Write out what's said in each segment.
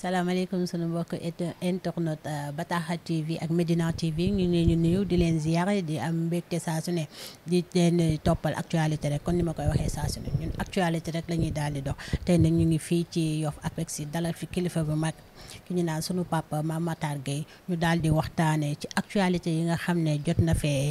salaamaaleykum sunu mbokk internet euh, Bataxa TV ak Medina TV ñu ngi ñu nuyu di leen ziar di am mbégte saa su ne di leen toppal actualité rek kon ni ma koy waxee saa su ñun actualité rek la ñuy daal di dox tey nag ñu ngi fii ci Yoff si dalal fi kilifa bu mag. ki ñu naan suñu papa Mame Matar ñu daal di waxtaanee ci actualité yi nga xam ne jot na fee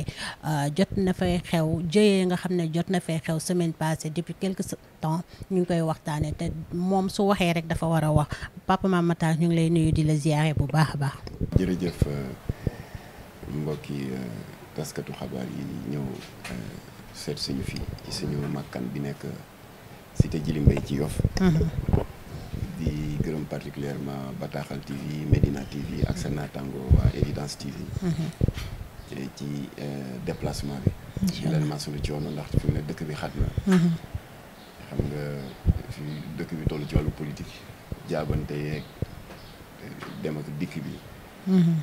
euh, jot na fee xew jëyee nga xam ne jot na fee xew semaine passée depuis quelque temps ñu ngi koy waxtaanee te moom su waxee rek dafa war a wax papa Mame Matar ñu ngi lay nuyu di la ziyaare bu baax a baax. jërëjëf euh, di gërëm particulièrement Bataaxal TV Medina TV ak sa naataango waa Evidence TV. Mhm. ci euh, déplacement bi. di leen masalu coono ndax fi mu ne dëkk bi xat na. Mhm. xam nga fi dëkk bi toll ci wàllu politique jaabante yeeg euh, dem ak dikk bi. Mhm.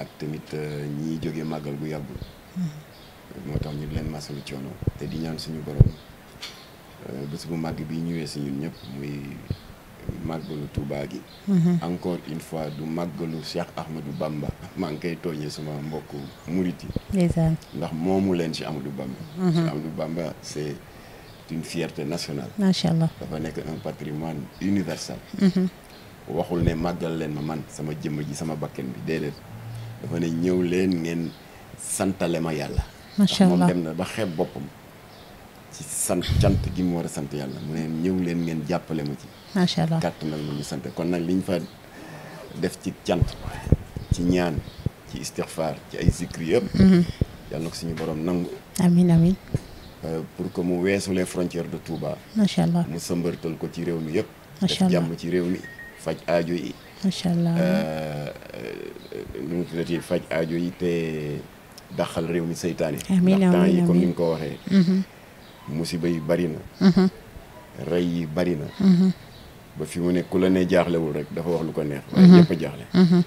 ak tamit euh, ñiy jóge màggal bu yàggul. moo tax ñu leen masalu coono te di ñaan suñu borom bés bu màgg bi ñëwee si ñun muy. màggalu Touba gi. Mhm. encore une fois du màggalu Cheikh Ahmadou Bamba maa ngi koy tooñee sama mbokk murit yi. ndax moomu leen ci Ahmadou Bamba. Mhm. Cheikh Ahmadou Bamba c'est macha allah dafa nekk un patrimoine universel. Mhm. waxul ne màggal leen ma man sama jëmm ji sama bakken bi déedéet dafa leen ngeen ma yàlla. macha allah moom ci sant gi mu war a sant yàlla mu ne ñëw leen ngeen jàppale ma ci. macha allah kàttanal ma ñu sant kon nag liñ fa def ci cant ci ñaan ci istixfaar ci ay zikri yëpp. Mhm. yàlla na ko suñu borom nangu. amiin amiin. Euh, pour que mu weesu les frontières de Touba. macha allah mu sëmbartal ko ci réew mi yëpp. macha allah def jàmm ci réew mi faj ajo yi. macha allah euh, euh, nu mu tuddati faj aajo yi te daxal réew mi seytaane. yi comme ni nga ko waxee. Mhm. musiba yi bari na. Mhm. rey yi bari na. ba fi mu ku la ne jaaxlewul rek dafa wax lu ko neex. Mhm. waaye ñëpp a jaaxle. Mhm.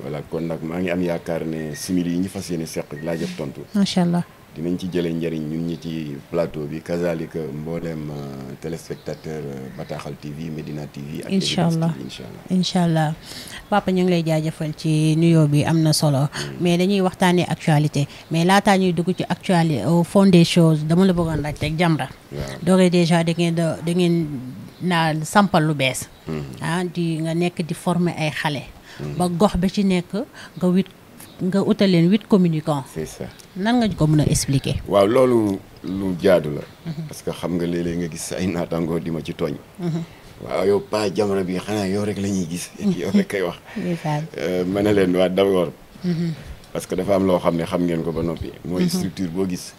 voilà kon nag maa ngi am yaakaar ne simili yi ñu fas yéene seq laajab tontu. macha allah. dinañ ci jëlee njëriñ ñun ñi ci plateau bi kazalika mbooleem euh, téléspectateur euh, bataaxal TV Medina TV. ak incha allah incha allah papa ñu ngi lay jaajëfal ci nuyoo bi am na solo. Mm. mais dañuy waxtaanee actualité mais laataa ñuy dugg ci actualité au fond des dama la bëggoon laaj rek Jamra. waaw dooree dèjà da ngeen da ngeen naa sampal lu bees. Mm. Ah, di nga nekk di former ay xale. Mm. ba gox ba ci nekk nga wit. nga utal leen huit communicants. c'est ça nan nga ko mën a expliquer. waaw loolu lu jaadu la. parce que xam nga léeg nga gis ay naataangoo di ma ci tooñ. waaw yow pa jamono bi xanaa yow rek la ñuy gis. yow rek kay wax. Euh, mën na leen waa d'abord. parce que dafa am loo xam ne xam ngeen ko ba noppi. mooy mhm. structure boo gis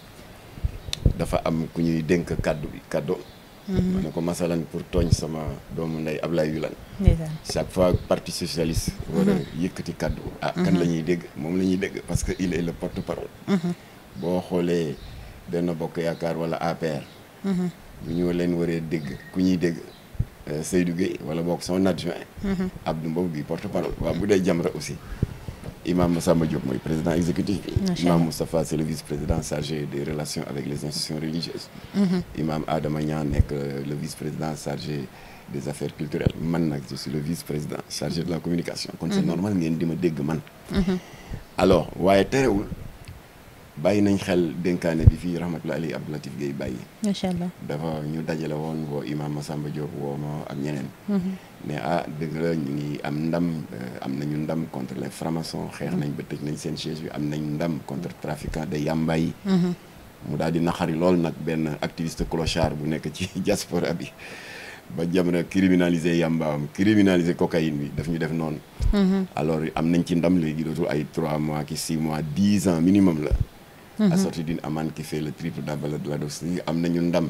dafa am ku ñuy dénk kàddu bi kàddu. ma ne ko masalan pour tooñ sama doomu ndey Ablaye Wilane chaque fois parti socialiste war a mm-hmm. yëkkati kàddu ah mm-hmm. kan la ñuy dégg moom la ñuy dégg parce que il est le porte-parole mm-hmm. boo xoolee benn bokk yaakaar wala APR bu ñu leen waree dégg ku ñuy dégg euh, Seydou Gueye wala bokk son adjoint Abdou Mbow bi porte-parole waaw bu dee Jamra aussi imam Samba Diop mooy président exécutif bi imam Moustapha c'est le vice-président chargé des relations avec les institutions religieuses mm-hmm. imam Adama Niang nekk euh, le vice-président chargé des affaires culturelles man nag je suis le vice-président chargé de la communication kon c'est mm-hmm. normal ngeen di ma dégg man mm-hmm. alors waaye terewul bàyyi nañ xel dénkaane bi fii rahmatulah ali Abdou Latif Gueye bàyyi macha allah dafa ñu dajale woon woo imam Samba Diop woo ma ak ne ah dëgg la ñu ngi am ndam euh, am nañu ndam contre les francs xeex mm-hmm. nañ ba tëj nañ seen siège bi am nañ ndam contre trafiquant de yamba yi mm-hmm. mu daal di naxari lool nag benn activiste clochard bu nekk ci diaspora bi ba jamono criminaliser yambaam criminaliser cocaïne bi daf ñu def noonu mm-hmm. alors am nañ ci ndam léegi dootul ay trois mois ki six mois dix ans minimum la assorti d'une amende qui fait le triple double de la dose am nañu ndam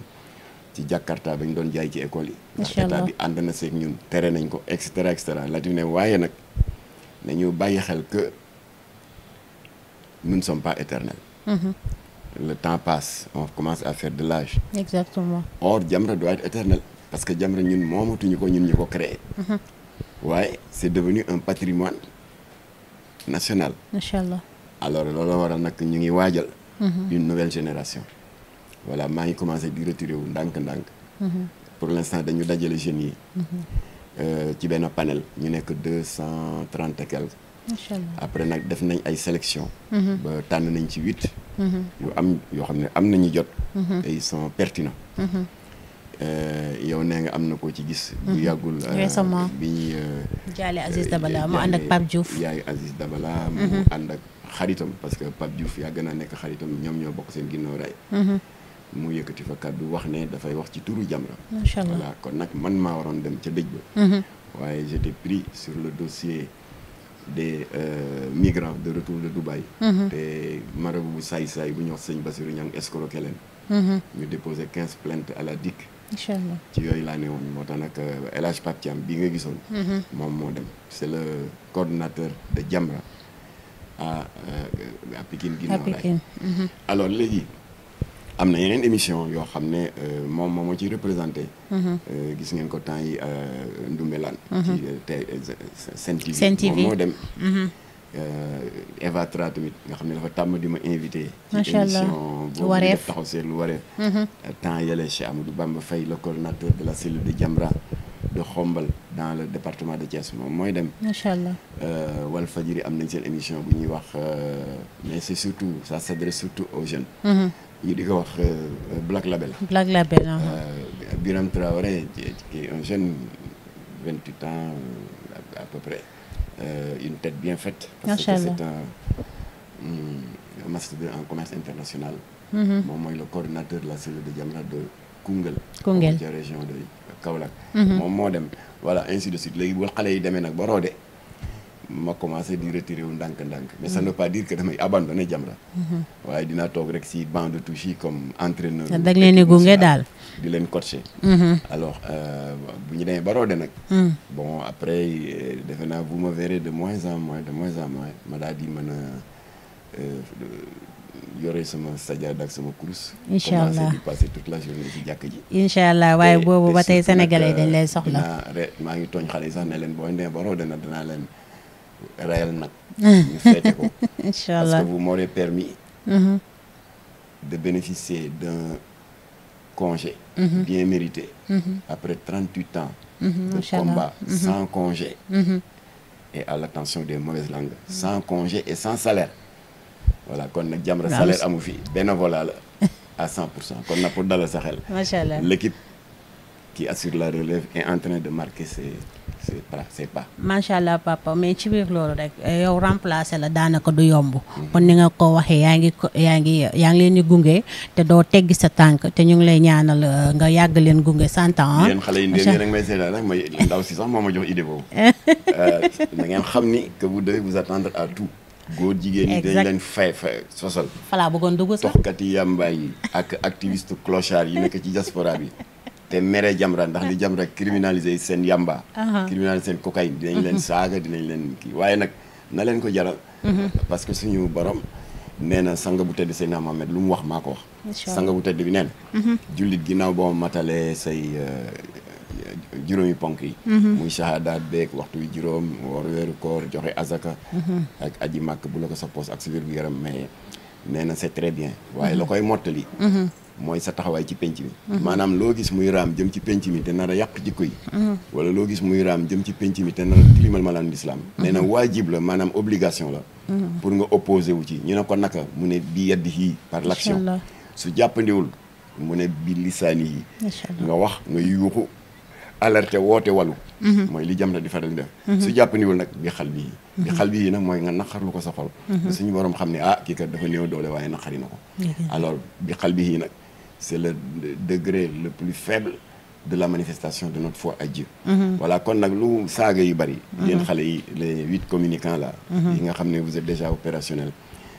ci Jakarta ba ñu doon jaay ci école yi. ndax état bi ànd na seeg ñun tere nañ ko et cetera et cetera ne waaye nag nañu bàyyi xel que nous ne pas éternels. Mm-hmm. le temps passe on commence à faire de l'âge. or Jamra doit être éternel parce que Jamra ñun moomatuñu ko ñun ñu ko créé. Mm-hmm. waaye c'est devenu un patrimoine national. macha allah alors loolu waral nag ñu ngi waajal. Mm-hmm. une nouvelle génération. voilà maa ngi commencé di retiré wu ndànk-ndànk. Mhm. pour l' instant dañu dajale jeunes yi. Mhm. Euh, ci benn panel ñu nekk deux cent trente et après nag def nañ ay sélection mhm. ba tànn nañ ci huit. yu am yoo xam ne am nañu jot. te ils euh, yow nee nga am na koo ci gis. bu yàggul euh, bi ñuy. jaale Aziz Dabala mu ànd ak Pape Diouf yaayu Aziz parce que Pape Diouf yàgg naa nekk xaritam ñoom ñoo bokk seen ginnaaw raay. mu yëkkati fa bi wax ne dafay wax ci turu Jamra macha allah kon nag man maa waroon dem ca dëj ba mhm. waaye j'étais pris sur le dossier des euh, migrants de retour de Dubaï mhm. te marabu saay-saay bu ñuy wax sëñ Bassirou Niang escroqué leen mhm. ñu déposé quinze plaintes à la DIC ci yooyu laa ne woon moo tax nag euh, El Hadj Pape bii nga gisoon moom moo dem c'est le coordonnateur de Jamra à euh, à Pikine Guinaw Rail alors léegi am na yeneen émission yoo xam ne euh, moom moom moo ciy représenté. Mhm. Euh, gis ngeen ko temps yi euh, Ndoumbelane. Mhm. ci tey Sen TV. Sen moom moo dem. Mhm. Eva Tra tamit nga xam ne dafa tàmm di ma invité. macha allah ci émission boobu def taxaw seetlu wareef. temps yële Cheikh Amadou fay Faye le de la cellule de Jamra de Xombal dans le département de Thiès moom mooy dem. macha allah Walf Fadjri am nañ seen émission bu ñuy wax mais c'est surtout sa s'adresse surtout aux jeunes. ñu di ko wax euh, euh, Black Label. Black Label uh-huh. euh, Biram Traoré qui un jeune vingt-huit ans à peu près une tête bien faite. parce que c'est un hmm, master en commerce international. Mm-hmm. moom mooy le coordinateur la cellule de Jamra de Koungheul. Koungheul ci région de Kaolack. Mm-hmm. moom moo dem voilà ainsi de suite léegi bu xale yi demee nag ba roode. ma commencé di retiré wu ndànk-ndànk. mais ça mm. ne veut pas dire Jamra. waaye dinaa toog rek si banc de touche yi comme entraîneur. da di gunge daal. di leen coacher. Mm-hmm. alors euh, bu ñu demee ba roode nag. Mm. bon après euh, defe naa vous me verrez de moins en moins de moins en moins ma daal di mën a. Euh, yore sama sajaad ak sama kurus. incha allah commencé di waaye boobu ba tey sénégalais dañ lay soxla. maa ngi tooñ xale yi sax leen boo indee ba roode na leen. rayal nag. Ah. parce que vous m'aurez permis. Mm-hmm. de bénéficier d'un congé. Mm-hmm. bien mérité. Mm-hmm. après trente-huit ans. combat congé. et à l'attention des mauvaises langues. sans congé et sans salaire. voilà kon nag salaire amu fi bénévolat la à cent pour cent kon nag pour dalal sa l'équipe qui assure la relève est en train de marquer c'est pas c'est pas. macha allah papa mais ci biir loolu rek eh, yow remplacer la daanaka du yomb. kon ni nga ko waxee yaa ngi ko yaa ngi yaa ngi leen di gunge te doo teggi sa tànk te ñu ngi lay ñaanal eh, nga yàgg leen gunge cent ans. Ah. xale yi ndéem yéen a ngi may seetaan rek may ndaw si sax moom ma jox idée boobu. Euh, na xam ni que vous devez vous attendre à jigéen ñi dañ leen fay fay sosal. falaa bëggoon dugg sax toxkati yàmbaay yi ak activiste clochard yi nekk ci diaspora bi. te mere Jamra ndax li Jamra criminalisé seen yamba. criminalisé seen cocaïne dinañ leen mhm. saaga dinañ leen kii waaye nag na leen ko jaral. Mhm. parce que suñu borom nee na sang bu tedd Seydina Mohamed lu mu wax maa ko wax. sang bu tedd bi nee na. Mhm. jullit ginnaaw boo matalee say euh, juróomi ponk yi. muy shahadaat beeg waxtu wi juróom woor weeru koor joxe azaka. ak aji màkk bu la ko sa poos ak sa wér gu yaram maye nee na c'est bien waaye la koy mottali. mooy sa taxawaay ci penc mi mhm. maanaam loo gis muy raam jëm ci penc mi te nar a yàq jikko yi mhm. wala loo gis muy raam jëm ci penc mi te nar a tilimal malaan lislaam mhm. nee na waajib la maanaam obligation la pour nga opposé ci ñu ne ko naka mu ne bi yedd yii par la l'action su jàppandiwul mu ne bi lisaani yi nga wax nga yuuxu alerte woote walu mooy li jam na di faral def su jàppandiwul nag bi xal bii bi xal bii nag mooy nga naqarlu ko sa xol suñu borom xam ne ah kii kat dafa néew doole waaye naqari na ko alors bi xal bii nag c'est le degré le plus faible de la manifestation de notre foi à Dieu. Mhm. voilà kon nag lu saaga yu bari. Mhm. yéen xale yi les huit communicants la mhm. yi nga xam ne vous êtes déjà opérationnel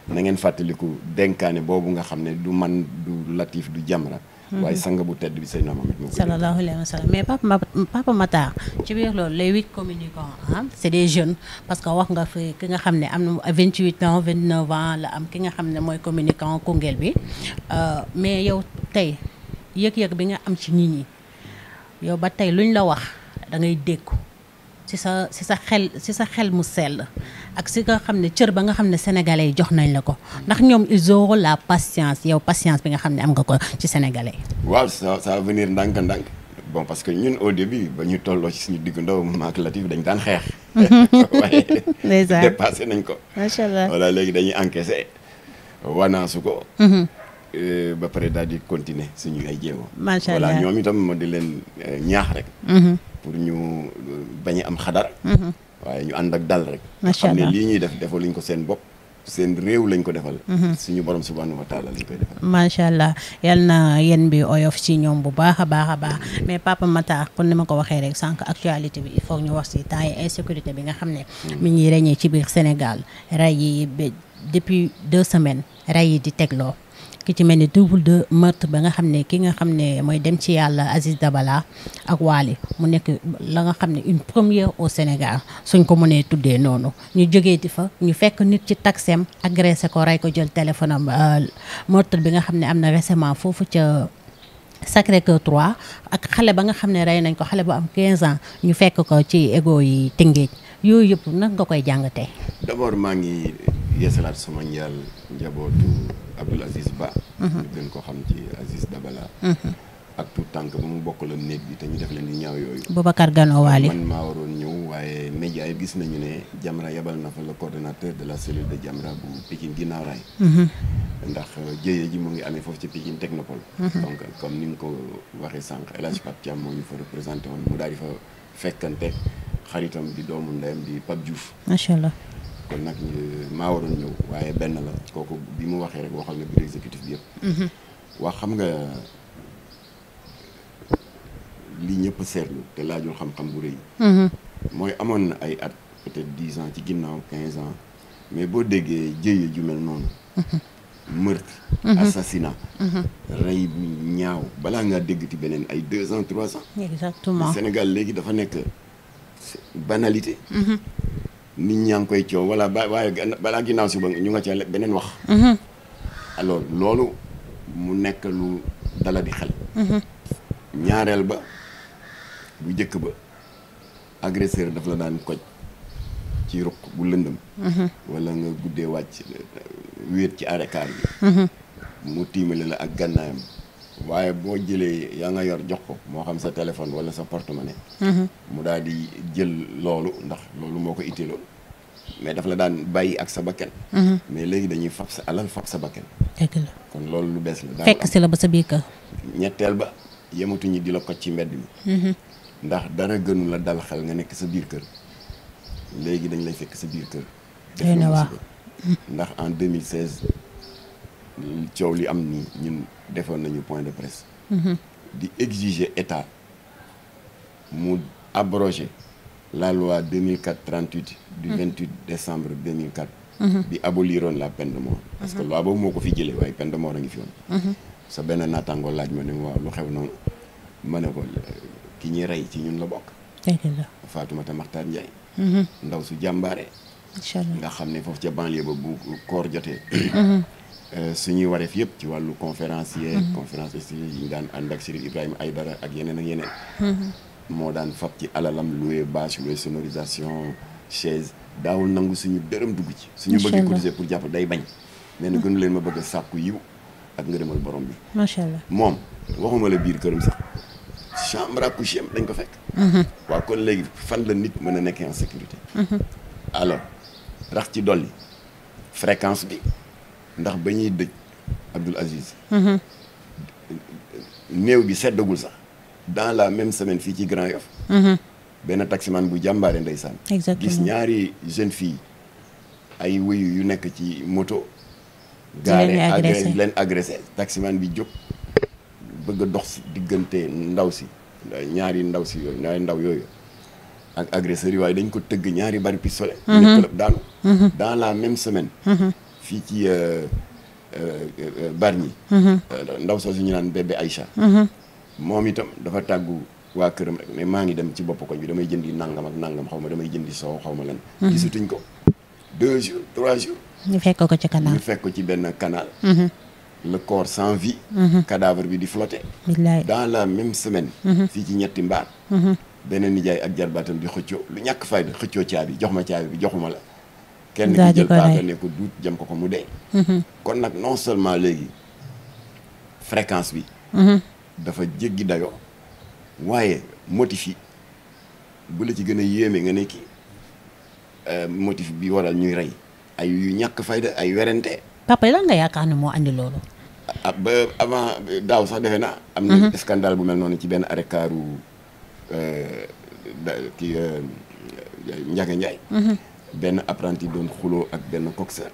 na ngeen fàttaliku denkaane boobu nga xam ne du man du Latif du Jamra waaye sang bu tedd bi Seydina Mohamed moo sallallahu alayhi wa mais papa papa Matar ci biir loolu les huit communicants ah c' est des jeunes parce que wax nga fi ki nga xam ne am na vingt huit ans vingt neuf ans la am ki nga xam ne mooy communicant Koungheul bi euh, mais yow tey yëg-yëg bi nga am ci nit ñi yow ba tey lu luñ la wax da ngay dégg ci sa ci sa xel ci sa xel mu sell ak si nga xam ne cër ba nga xam ne sénégalais yi jox nañ la ko ndax ñoom ils auront la patience yow patience bi nga xam ne am nga ko ci sénégalais yi. waaw sa ça venir ndànk-ndànk bon parce que ñun au début ba ñu tolloo ci suñu diggu ndaw maak Latif dañ daan xeex. waaye dépassé nañ ko. macha allah voilà léegi dañuy encaissé wanaasu ko. Mhm. Euh, ba pare daal di continuer suñu ay jéego. macha allah voilà ñoom itam ma di leen euh, ñaax rek. Mhm. pour ñu euh, bañ am xadar. Mhm. waaye ñu ànd ak dal rek. macha allah xam ne lii ñuy def defaluñ ko seen bopp. seen réew lañ ko defal. Mm-hmm. suñu borom subhanahu wa taala lañ koy defal. macha allah yal na yéen bi oyof ci ñoom bu baax a baax a baax mm-hmm. mais Papa Matar kon ne ma ko waxee rek sànq actualité bi il faut ñu wax si temps yi insécurité bi nga xam ne. Mm-hmm. mi ngi rëñee ci biir Sénégal rey yi depuis deux semaines rey yi di tegloo. ki ci mel ni double de meurtre ba nga xam ne ki nga xam ne mooy dem ci yàlla Aziz Dabala ak Waly mu nekk la nga xam ne une première au Sénégal suñ ko mënee tuddee noonu ñu jógee di fa ñu fekk nit ci taxem agressé ko rey ko jël téléphone am euh, meurtre bi nga xam ne am na récemment foofu ca sacré que 3 ak xale ba nga xam ne rey nañ ko xale bu am 15 ans ñu fekk ko ci égo yi Tëngéej yooyu yëpp nag nga koy jàngatee. d'abord maa ngi yeesalaat sama njaal njabootu. Abdoul Aziz Ba ñu mhm. gën ko xam ci Aziz Dabala mhm. ak tout tànk ba mu bokk la néeg bi te ñu def leen di ñaaw yooyu Boubacar Gano Waly man maa waroon ñëw waaye média yi gis nañu ne Jamra yabal na fa la coordonnateur de la cellule de Jamra bu Pikine ginnaaw raay mhm. ndax euh, jëye ji mu ngi amee foofu ci Pikine Technopole donc comme ni nga ko waxee sànq El Hadj Pape Thiam moo ñu fa représenté woon mu daa di fa fekkante xaritam bi doomu ndeyam bi Pape Diouf macha allah kon nag euh, maa waroon ñëw waaye benn la kooku bi mu waxee rek waxal na bureau exécutif bi yëpp. Mm-hmm. wax xam nga li ñëpp seetlu te laajul xam-xam bu rëy. Mm-hmm. mooy amoon na ay at peut-être dix ans ci ginnaaw quinze ans mais boo déggee jëye ju mel noonu. Mm-hmm. meurtre. assassinat. rey ñaaw balaa ngaa dégg ci beneen ay deux ans trois ans. Sénégal léegi dafa nekk banalité. nit ñaa ngi koy coow wala ba waaye balaa ginnaaw si ba ñu nga ca beneen wax. Mhm. alors loolu mu nekk lu dala di xel. Mhm. ñaareel ba bu njëkk ba agresseur daf la daan koj ci ruq bu lëndëm. Mhm. wala nga guddee wàcc wéet ci arekaar bi. mu tiimale la ak gànnaayam. waaye boo jëlee yaa nga yor jox ko moo xam sa téléphone wala sa porte mhm. mu daal di jël loolu ndax loolu moo ko itteeloon mais daf la daan bàyyi ak sa bakkan mhm. mais léegi dañuy fab sa alal fab sa bakkan dëgg la kon loolu lu bees la fekk ba sa biir kër ñetteel ba yematuñu di ko ci mbedd mhm. ndax dara gënu la dal xel nga nekk sa biir kër dañ lay fekk sa biir kër def na waaw ndax coow li am nii defoon nañu point de presse. Mhm. di exiger état mu abroger la loi 2004-38 du 28 mhm. décembre 2004. bi mhm. aboliroon la peine de mort. parce que loi boobu moo ko fi jëlee waaye peine a ngi fi woon. sa benn naataangoo laaj ma ne waaw lu xew noonu ma ne ko ki ñuy rey ci ñun la bokk. Fatoumata Makhtar Ndiaye. ndaw su jàmbaare. nga xam ne foofu ca banlieue ba bu koor jotee. Euh, suñuy wareef yëpp ci wàllu conférencier mhm. conférence aussi yi ñu daan ànd ak Chérif ay Aïdara ak yeneen ak yeneen mhm. moo daan fab ci alalam loué bâche loué sonorisation chaise daawul nangu suñu dërëm dugg ci suñu bëgg cotiser pour jàpp day bañ nee na mhm. gënu ma bëgg sàkku yiw ak nga ngërëmal borom bi macha moom waxuma la biir këram sax chambre à coucher dañ ko fekk waa kon léegi fan la nit mën a nekkee en sécurité alors rax ci dolli fréquence bi ndax ba ñuy dëj Abdoul Aziz. Mhm. néew bi seddagul sax dans la même semaine fii ci Grand Yoff. Mhm. benn taximan bu jàmbaare ndeysaan. exactement gis ñaari jeune fii ay wuyu yu nekk ci moto. gaare agressé leen agressé taximan bi jóg bëgg dox si diggante ndaw si ñaari ndaw si yooyu ñaari ndaw yooyu ak agresseurs yi waaye dañ ko tëgg ñaari bari pistolet. Mhm. nekk daanu. la même semaine. fii ci euh, euh, euh, Bargny mhm. ndaw soosu ñu naan bébé Aïcha mhm. moom itam dafa tàggu waa këram rek mais maa ngi dem ci bopp koñ bi damay jëndi nangam ak nangam xaw ma damay jëndi soow xaw ma lan mhm. gisatuñ ko fekk ko ci canal ñu ci benn canal le corps sans vie cadavre bi di flotter dans la semaine fii ci ñetti mbaar beneen nijaay ak jarbaatam di xëccoo lu ñàkk fayda xëccoo caabi jox ma caabi bi joxuma la kenn ki jël paaka ne ko duut jëm ko ko mu de mhm. kon nag non seulement léegi fréquence bi mhm. dafa jéggi dayo waaye motif yi bu la ci gën a yéeme nga ne kii euh, motif bi waral ñuy rey ay yu ñàkk fayda ay werante papa lan nga yaakaar ne moo andi loolu ah, ba avant daaw sax defe na am na mhm. scandale bu mel noonu ci benn arrêt kaaru euh, kii euh, Ndiaga benn apprenti doon xuloo ak benn coxeur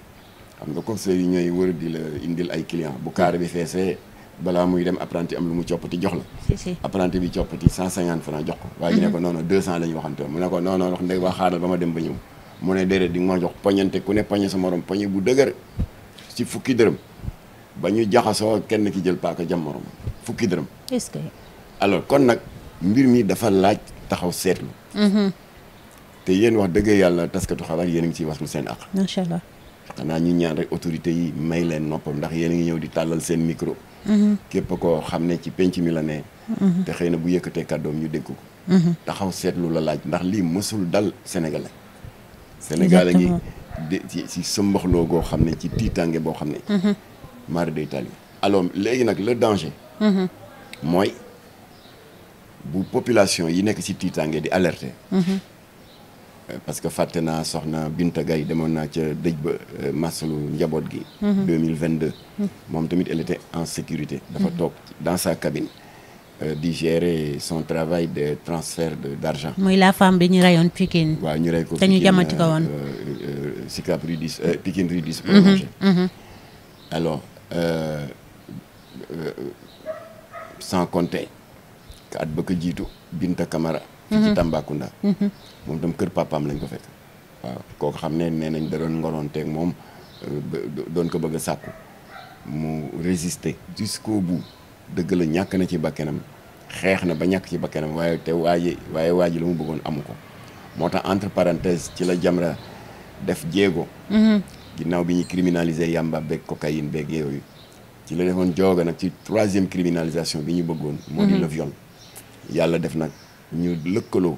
xam nga coxeur yi ñooy wër di la indil ay client bu kaar bi feesee balaa muy dem apprenti am lu mu coppati jox la. apprenti bi coppati 150 francs jox ko. waaye ñu ne mhm. ko non non 200 la ñu waxante mu ne ko non non wax xaaral ba ma dem ba ñëw mu ne déedéet di nga ma jox poñante ku ne poñe sa morom poñe bu dëgër ci fukki dërëm ba ñu jaxasoo kenn ki jël paaka jam morom fukki dërëm. est-ce que alors kon nag mbir mi dafa laaj taxaw seetlu. Mhm. te yéen wax dëgg yàlla taskatu xabaar yéen a ngi ciy wax lu seen àq. macha allah xanaa ñu ñaan rek autorité yi may leen noppam ndax yéen a ngi ñëw di tàllal seen micro. Mm-hmm. képp koo xam ne ci penc mi la ne. Mm-hmm. te xëy na bu yëkkatee kàddoom ñu dégg ko. Mm-hmm. taxaw seetlu la laaj ndax lii mësul dal Sénégalais. Sénégalais gi de ci ci sëmbaxloo goo xam ne ci tiitaange boo xam ne. mari day tali alors léegi nag la danger. mooy bu population yi nekk ci tiitaange di alerter. parce que fàtte naa soxna Binta Gaye demoon naa ca dëj ba euh, masalu njaboot gi. 2022. Mhm. Mhm. moom tamit elle en sécurité. dafa mhm. toog dans sa cabine. Euh, di gérer son travail de transfert de d' muy la femme bi ñu rayoon Pikine. waaw ko Pikine te ñu jamati ko woon. Euh, Sicap Rue 10 sans compter. ka at ba ko jiitu Binta Camara. fi ci Tambacounda. moom itam kër papaam lañ ko fekk waaw kooku xam ne nee nañ da doon ngoronteeg moom euh, doon ko bëgg sàkku mu résister jusqu'au bout dëgg la ñàkk na ci bakkenam xeex na ba ñàkk ci bakkenam waaye te waaye waaye ji la mu bëggoon amu ko moo tax entre parenthèse ci la Jamra def jéego mm-hmm. ginnaaw bi ñuy criminaliser yamba beeg cocaïne beeg yooyu ci la defoon jooga nag ci troisième criminalisation bi ñu bëggoon moo di mm-hmm. le yàlla def nag ñu lëkkaloo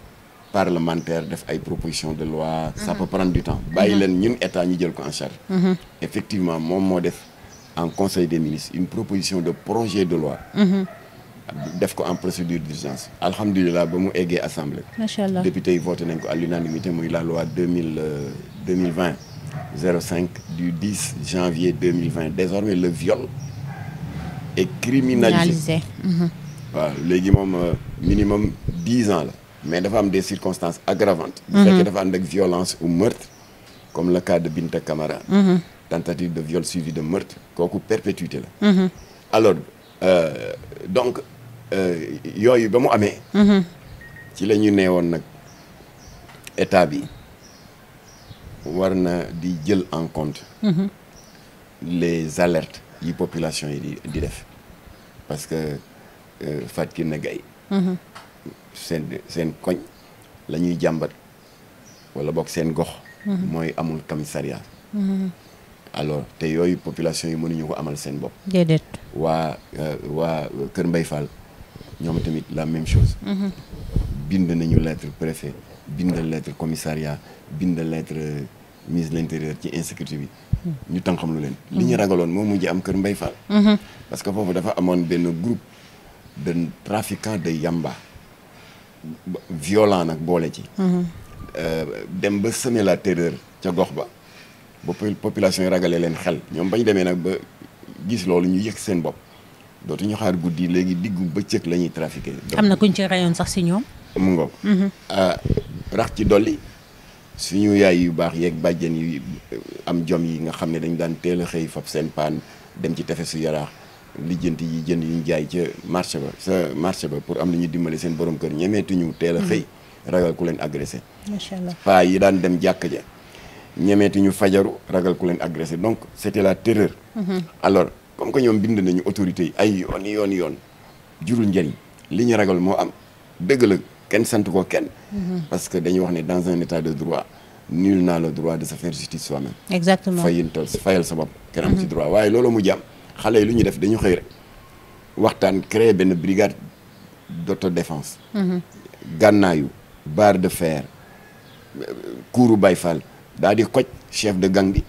parlementaire def ay proposition de loi ça mhm. peut prendre du temps bàyyi mhm. leen ñun état ñu jël ko en charge mhm. effectivement moom moo def en conseil des ministres une proposition de projet de loi def ko en procédure d'urgence alhamdulilah ba mu eggee assemblée macha allah député yi voté nañ ko à l'unanimité muy la loi deux mille euh, mille vingt zéro cinq du 10 janvier 2020 désormais le viol est criminalisé waaw léegi moom euh, minimum dix ans la mais dafa am des circonstances aggravantes. Mm-hmm. bu fekkee dafa ànd ak violence ou meurtre comme le cas de Binta Camara. Mm-hmm. tentative de viol suivi meurtre kooku perpétuité la. Mmh. donc euh, yooyu ba mu amee. Mm-hmm. ci la ñu nee woon nag état bi war na di jël en compte. Mmh. les alertes yi population yi di def parce que euh, Fatou Kiné Gaye seen seen koñ la ñuy jàmbat wala boog seen gox. Mm-hmm. mooy amul commissariat. Mm-hmm. alors te yooyu population yi mënuñu ko amal seen bopp. déedéet waa euh, waa Kër Mbay ñoom tamit la même chose. Mm-hmm. bind nañu lettre préfet bind lettre commissariat bind lettre euh, ministre de l'intérieur ci insécurité bi. ñu tànqam lu leen. li ñu ragaloon moo mujj am Kër Mbay Fall. parce que foofu dafa amoon benn groupe de trafiquants de yamba. violent nag boole ci. Mhm. Euh, dem ba semer la terreur ca gox ba. ba population yi ragalee leen xel ñoom bañ demee nag ba gis loolu ñu yëg seen bopp dootuñu xaar guddi léegi diggu bëccëg la ñuy trafiqué. am na kuñ ci rayoon sax si ñoom. mu ngoog. Mhm. Ah, rax ci dolli suñu yaay yu baax yeeg bàjjen yu am jom yi nga xam ne dañ daan teel a xëy fab seen paan dem ci tefesu yaraax. lijjanti yi jënd yi ñu jaay ca marché ba sa marché ba pour am na ñu dimbali seen borom kër ñemeetuñu teel a mhm. xëy ragal ku leen agressé paa yi daan dem jàkk ja ñu fajaru ragal ku leen agressé donc c'était la terreur mhm. alors comme que ñoom bind nañu autorités yi ay yoon yoon yoon jurul njëriñ li ñu ragal moo am dëgg kenn sant ko kenn mhm. parce que dañuy wax ne dans un état de droit nul n'a le droit de se faire justice soi-même exactement fayintal fayal sa xale yi lu ñuy def dañu xëy rek waxtaan créer benn brigade d'autodéfense mhm. gànnaayu barre de fer kuuru bay Fall daal di koj chef de gang bi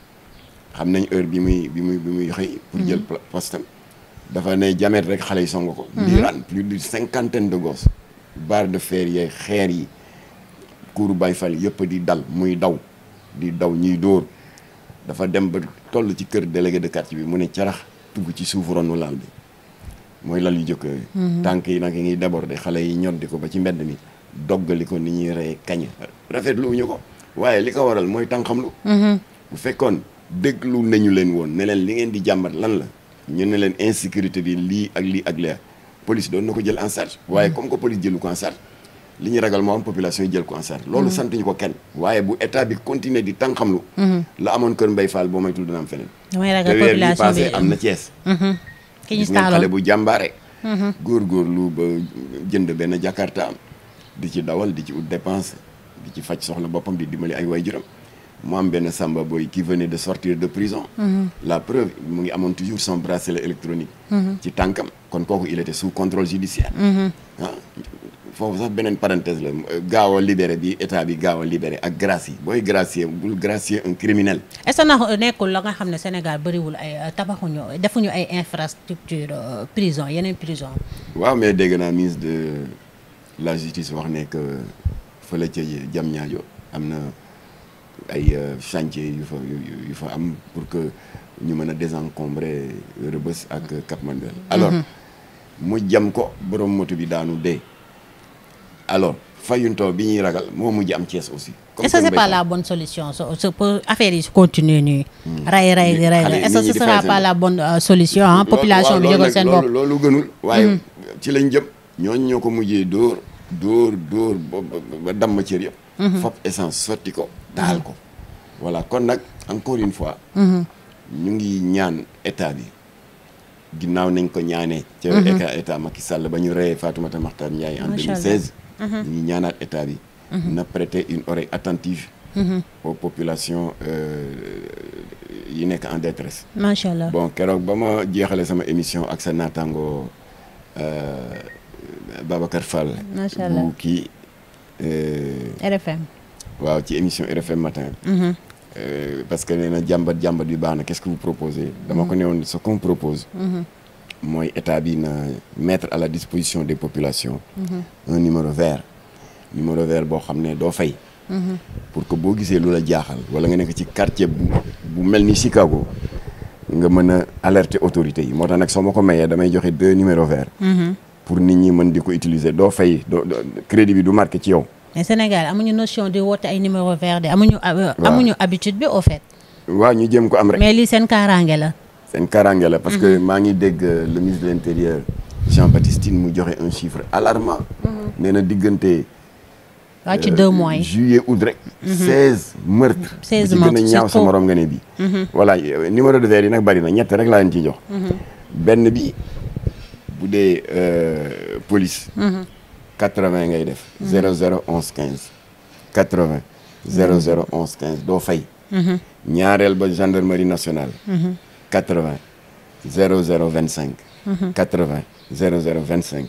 xam nañ heure bi muy bi muy bi muy xëy pour mhm. jël postam dafa ne jamet rek xale yi songo ko mhm. ndiiraan plus de cinquantaine de gosses barre de fer yeeg xeer yi kuuru bay Fall yëpp di dal muy daw di daw ñuy dóor dafa dem ba toll ci kër délégué de quartier bi mu ne carax dugg ci suufu ronu lal bi mooy lal yu jëkk mhm. tànk yi nag ngi débordé xale yi ñoddi ko ba ci mbedd mi doggali ko ni ñuy rey kañ rafetlu ñu ko waaye li ko waral mooy lu mhm. bu fekkoon déglu nañu leen woon neleen li ngeen di jàmbat lan la ñu ne leen insécurité bi lii ak lii ak lii police doon na ko jël en charge waaye mhm. comme que police jëlu ko en charge li ñu ragal moo am population yi jël ko en charge loolu mm-hmm. sant ñu ko kenn waaye bu état bi continuer di tàng xam lu mm-hmm. la amoon kër Mbay Fall boo moytul dina am feneen te weer bi passé am na Thiès mm-hmm. ki ñu taaloon xale bu jàmbaare ba jënd benn jakarta am di ci dawal di ci ut dépense di ci faj soxla boppam di dimbali ay waajuram mu am benn samba booy qui venait de sortir de prison la preuve mu ngi amoon toujours son bracelet électronique ci tànkam kon kooku il était sous contrôle judiciaire ah, foofu sax beneen parenthèse la euh, gaaw a libéré bi état bi gaaw a libéré ak grâce booy gracier bul gracier un criminel est ce nekkul la nga xam ne Sénégal bëriwul ay euh, tabaxuñu defuñu ay infrastructure euh, prison yeneen prison waaw mais dégg naa ministre de la justice wax ne que jam ca Diamniadio am na ay chance yu fa yu fa am pour que ñu mën a désencombrer Rebeuss ak Cap Manuel alors mhm. mu jam ko borom moto bi daanu dee alors fayuntoo bi ñuy ragal moo mujj am Thiès aussi. comme est-ce que c'est pas la bonne solution so pour affaire yi continuer nii. ray ray di ray est-ce que ce sera pas la bonne euh, solution ah. population bi yëgal seen bopp loolu gënul. waaye hmm. ci lañ jëm. ñooñu ñoo ko mujjee dóor dóor dóor ba damm cër yëpp. Hmm. fop essence sotti ko daal ko. voilà kon nag encore une fois. Hmm. ñu ngi ñaan état bi. ginnaaw nañ ko ñaanee. ca état Macky Sall ba ñu reyee Fatoumata Makhtar Ndiaye en 2016. ñu mhm. ñaanaat état bi mhm. na prêter une oreille attentive mhm. aux populations euh, yi nekk en détresse macha allah bon keroog ba ma jeexale sama émission ak sa naataango euh, Babacar Fall bu kii euh, RFM waaw ci émission RFM matin parce que nee na jàmbat jàmbat bi baax na qu'est-ce que dama ko newoon ce qu'on propose mooy état bi na mettre à la disposition des populations mm-hmm. un numéro vert numéro vert boo xam ne doo fay mm-hmm. pour que boo gisee lu la jaaxal wala nga nekk ci quartier bu bu mel ni Chicago nga mën a alerter autorités yi moo tax nag soo ma ko mayee damay joxe deux numéros verts mm-hmm. pour nit ñi mën di ko utiliser doo fay doo crédit bi du marqué ci yow mais Sénégal amuñu notion di woote ay numéro vert de amuñu euh, amuñu bi au fait ñu jéem ko am rek mais la seen kaaraange parce que mhm. maa ngi dégg euh, le ministre de l'intérieur Jean-Baptiste Tine mu joxe un chiffre alarmant mhm. nee na diggante waaw ci euh, deux juillet août rek. Mhm. seize meurtres. seize meurtres surtout ñaaw sa morom nga ne bii. voilà euh, numéro de verre nag bari na ñett rek laa leen ciy jox. benn bi bu dee police. quatre vingt ngay def. zéro zéro onze quinze. quatre vingt zéro zéro onze quinze doo fay. ñaareel ba gendarmerie nationale. 80 00 25. 80 00 25.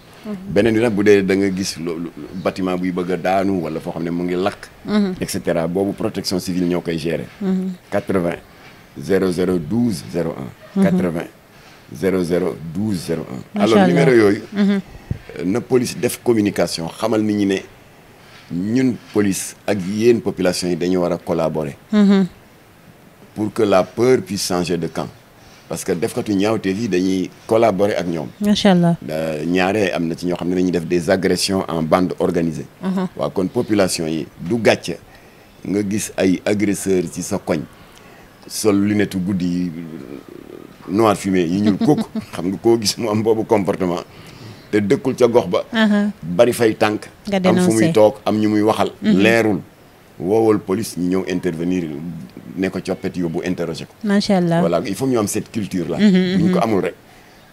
beneen bi nag bu dee da nga gis loolu bâtiment buy bëgg a daanu wala foo xam ne mu ngi lakk. Mhm. et boobu protection civile ñoo koy gérer. 80 00 12 01. 80 00 12 01. alors numéro yooyu. Mhm. Euh, na police def communication xamal nit ñi ne ñun police ak yéen population yi dañu war a collaborer. Mhm. pour que la peur puisse changer de camp. parce que defkatu ñaaw yi dañuy collaborer ak ñoom. macha allah ñaare am na ci ñoo xam ne dañuy def des agressions en bande organisée. Uh-huh. waaw kon population yi du gàcce nga gis ay agresseurs ci sa koñ sol lunette guddi yi noir fumé yi ñuul kooku xam nga koo gis mu am boobu comportement. te dëkkul ca gox ba. Uh-huh. bari fay tànk. am fu muy toog am ñu muy waxal. Mm-hmm. leerul woowal police ñu ñëw intervenir ne ko coppet yóbbu interroger ko. macha allah voilà il faut ñu am cette culture là. Mhm, bu ñu ko mhm. amul rek.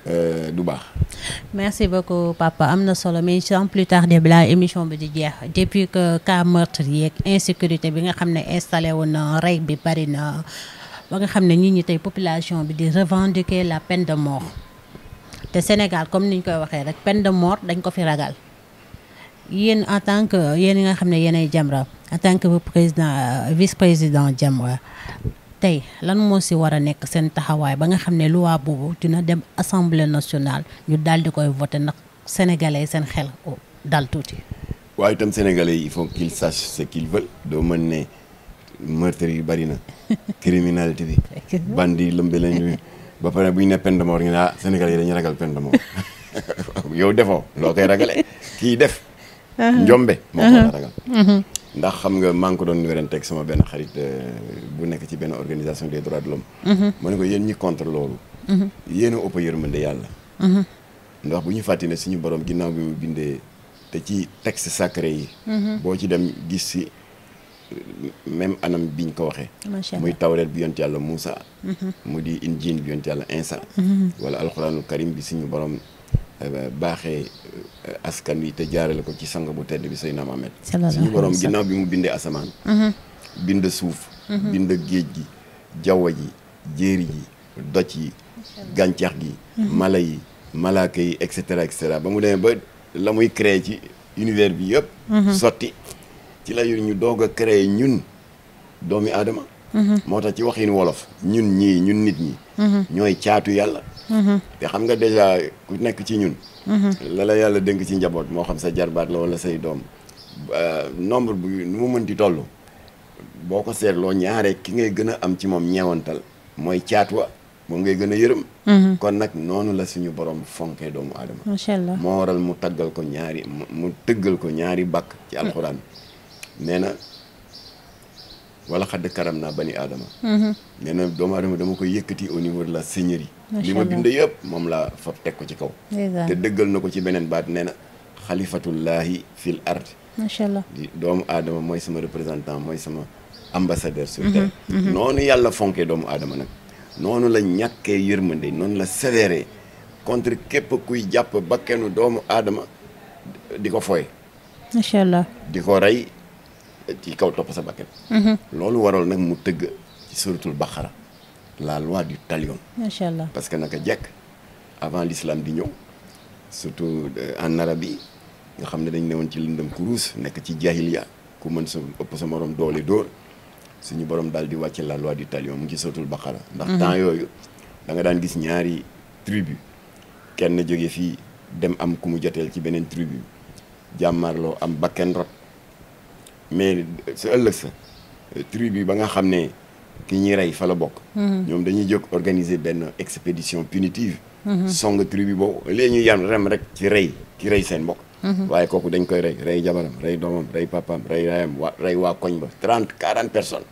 Euh, du baax. merci beaucoup papa am na solo mais en plus tarder balaa émission bi di jeex depuis que cas meurtre yeeg insécurité bi nga xam ne installé wu na rey bi bari na ba nga xam ne nit ñi tey population bi di revendiquer la peine de mort te Sénégal comme ni ñu koy waxee rek peine de mort dañ ko fi ragal. yéen en tant que yéen nga xam ne yéenay Jamra en tant que président euh, vice président Jamra tey lan moo si war a nekk seen taxawaay ba nga xam ne loi boobu dina dem assemblée nationale ñu daal di koy voté ndax sénégalais seen xel dal tuuti. waaye itam sénégalais il faut qu'ils sa ce qu'ils veulent doo mën ne meurtre yi bari na criminalité bi. bandi lëmbe lañu ba pare bu ñu ne peine ñu ne ah sénégalais yi dañuy ragal peine de yow defoo loo koy ragale kii def. njombe moo ko war a ndax xam nga maa ngi ko doon weranteeg sama benn xarit euh, bu nekk ci benn organisation des droits de l'homme ne ko yéen ñi contre loolu yéen a ëpp yërmande yàlla ndox bu ñu fàtti ne suñu borom ginnaaw bi mu bindee te ci texte sacré yi boo ci dem gis si euh, même anam biñ ko waxee muy tawreet bi yont yàlla Moussa mu di injiil bi yont yàlla Insa wala alxuraanul karim bi suñu borom Eh, baaxee eh, askan wi te jaarale ko ci sang bu tedd bi Seydina Mohamed suñu borom ginnaaw bi mu bindee asamaan mhm. bind suuf mhm. bind géej gi jaww ji jéeri ji doj yi gàncax gi mhm. mala yi malaaka yi et cetera et cetera ba mu demee ba la muy créé ci univers bi yëpp sotti ci la ñu doog a créé ñun doomi aadama moo tax ci waxin wolof ñun ñii ñun nit ñi ñooy caatu yàlla te xam nga déjà ku nekk ci ñun. Mm-hmm. la la yàlla dënk ci njaboot moo xam sa jarbaat la wala say doom nombre bu nu mu mënti toll boo ko seetloo ñaare ki ngay gën a am ci moom ñeewantal mooy caat wa moom ngay gën a yërëm. Mm-hmm. kon nag noonu la suñu borom fonkee doomu aadama. macha allah moo waral mu taggal ko ñaari mu tëggal ko ñaari bakk ci alxuraan mm-hmm. nee wala xadd karam naa bani aadama mhm. nee na doomu aadama dama koy yëkkati au niveau de la seigneurie li ma bind yëpp moom laa fab teg ko ci kaw te dëggal na ko ci beneen baat nee na xalifatullaahi fil ard macha allah doomu aadama mooy sama représentant mooy sama ambassadeur sur mhm, terre mhm. noonu yàlla fonkee doomu aadama nag noonu la ñàkkee yërmande noonu la sévère contre képp kuy jàpp bakkenu doomu aadama di ko fooy macha allah di ko rey ci kaw topp sa bakkan mhm. loolu waral nag mu tëgg ci suratul baqara la loi du talion parce que naka jekk avant l'islam di ñëw surtout euh, en Arabie nga xam ne dañ newoon ci lëndëm kurus nekk ci jahiliya ku mën sa ëpp sa morom doole dóor suñu borom daal di wàcce la loi du talion mu ngi suratul baqara ndax mhm. temps yooyu danga daan gis ñaari tribu kenn jóge fii dem am ku mu joteel ci beneen tribu jàmmaarloo am bakken rot mais sa ëllëg sa tribu ba nga xam ne ki ñuy rey fa la bokk. Mhm. ñoom dañuy jóg organiser benn expédition punitive. Mhm. song tribu boobu léegi ñu yam rem rek ci rey ci rey seen mbokk. Mhm. waaye kooku dañ koy rey rey jabaram rey doomam rey papaam rey rayam waa rey koñ ba trente quarante personnes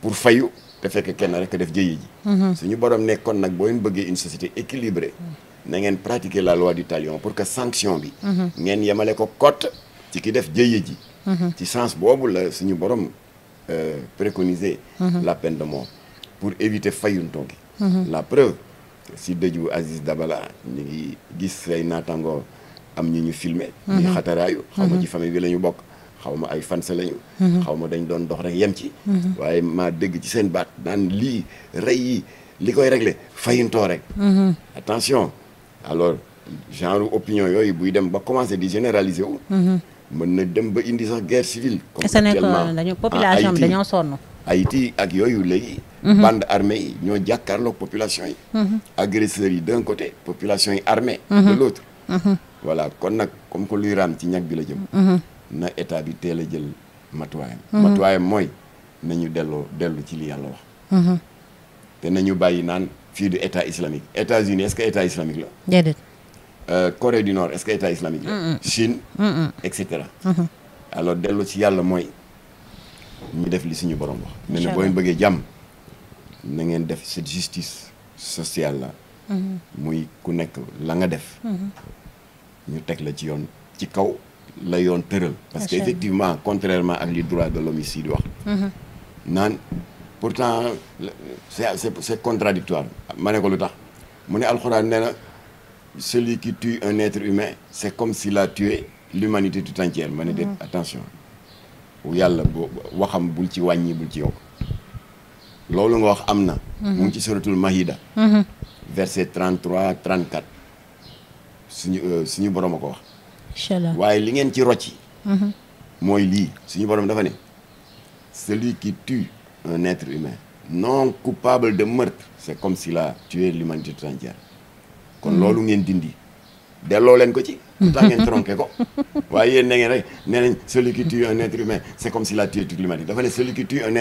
pour fayu te fekk kenn rek def jëye ji. suñu borom nekkoon nag boo leen bëggee une société équilibrée. na ngeen pratiquer la loi du talion pour que sanction bi. ngeen yemale ko cote ci Mm-hmm. ci sens boobu la suñu borom euh, préconiser mm-hmm. la peine de mort pour éviter fayuntoo gi mm-hmm. la preuve si dëju Aziz Dabala ñu ngi gis say naataangoo am ñu ñu filmé ñuy xataraayu xaw ma ci famille bi lañu bokk xaw ay fanse lañu xaw ma dañ doon dox rek yem ci waaye maa dégg ci seen baat naan lii rey yi li koy réglé fayuntoo rek attention alors genre opinion yooyu buy dem ba commencé di généraliser wu mën na dem ba indi sax guerre civile. comme dañu ah, population bi dañoo sonn. Haïti ak yooyu léegi. Mhm. bande armée yi ñoo jàkkaarloog population yi. Mhm. agresseurs yi d'un côté population yi armée mhm. de l'autre. voilà kon nag comme que luy raam ci ñag bi la jëm. na état bi teel a jël matuwaayam. matuwaayam mooy nañu delloo dellu ci li la wax. te nañu bàyyi naan fii du état islamique États-Unis est-ce état islamique la. Euh, Corée du Nord est-ce que état islamique Chine. et cetera. Mm-hmm. alors dellu ci yàlla mooy ñu def li suñu borom wax. ne ne boo leen bëggee jàmm na ngeen def cette justice sociale la. Mm-hmm. muy ku nekk la nga def. Mm-hmm. ñu teg la ci yoon ci kaw la yoon tëral. parce que effectivement contrairement ak li droit de l'homme yi di wax. naan pourtant c'est contradictoire ma ne ko lu tax mu ne alxuraan nee celui qui tue un être humain c'est comme s'il a tué l'humanité ma ne déet mm-hmm. attention yàlla boo waxam ci wàññi bul ci yow loolu nga wax am na mm-hmm. mu ngi ci suratul Mahida mm-hmm. verset 33 34 suñu euh, suñu borom a waaye li ngeen ci rocci mooy suñu borom dafa ne celui qui coupable de meurtre c'est comme s'il a tué l'humanité tout entière kon loolu ngeen dindi delloo leen ko ci. lu tax ngeen tronqué ko waaye yéen ne ngeen rek nee nañ celui qui tue un être humain c' est comme s'il a tué toute l'humanité dafa ne celui a tué un mhm.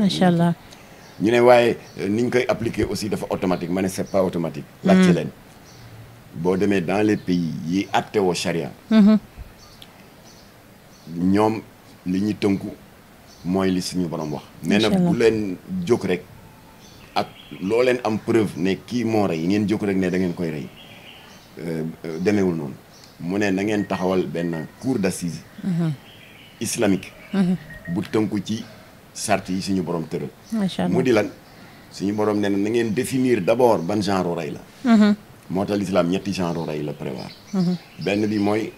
euh, allah ñu ne waaye euh, ni koy appliqué aussi dafa automatique ma ne c' est pas automatique. laajte mhm. leen boo demee dans le pays yi atte woo charia. Mhm. ñoom li ñu tënku mooy li suñu borom wax. ma na bu leen rek. ak loo leen am preuve ne kii moo rey ngeen jóg rek ne da ngeen koy rey euh, demeewul noonu mu ne na ngeen taxawal benn cour d'assises mhm. islamique mhm. bu tënku ci sart yi suñu borom tëral mu di lan suñu borom ne na ngeen définir d'abord ban genre rey la mhm. moo tax l'islam ñetti genre rey la prévoir benn bi mooy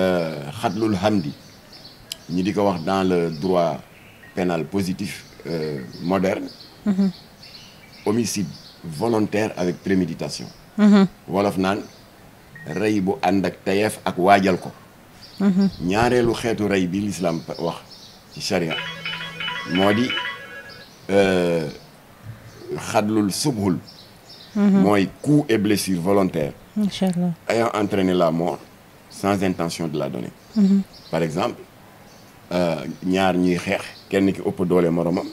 euh, xatlul hamdi ñu di ko wax dans le droit pénal positif euh, moderne homicide volontaire avec préméditation. Mm-hmm. wolof naan rey bu ànd ak tayeef ak waajal ko. Mm-hmm. ñaareelu xeetu rey bi l'islam wax ci charia moo di euh, xadlul subhul. Mm-hmm. mooy coup et blessure volontaire. ayant entraîné la mort sans intention de la donner. par exemple euh, ñaar ñuy xeex kenn ki ëpp doole moromam.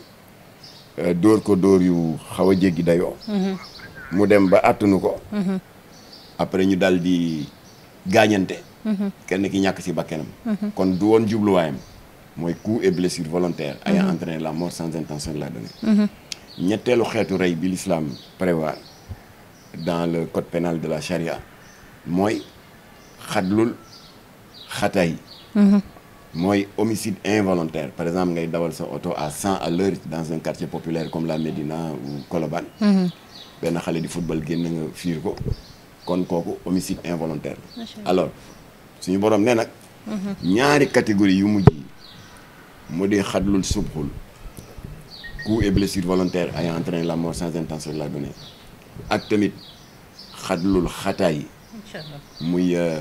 Euh, dóor ko dóor yu xaw a jéggi dayoo. Mm-hmm. mu dem ba àttanu ko. Mm-hmm. après ñu dal di gaañante. Mm-hmm. kenn ki ñàkk ci bakkanam. kon du woon jubluwaayam mooy coup et blessure volontaire ayant entraîné la mort sans intention de la ñetteelu xeetu rey bi l'islam prévoit dans le code pénal de la charia mooy xadlul xataay. mooy homicide involontaire par exemple ngay dawal sa oto à cent à l'heure dans un quartier populaire comme la Médina ou Colobane mhm. benn xale di football génn nga fiir ko kon kooku homicide involontaire alors suñu boroom ne nag mhm. ñaari catégorie yu mujj yi mu di xadlul subxul coups et blessures volontaires ayant la mort sans intention de la donner ak tamit xadlul xataay muy euh,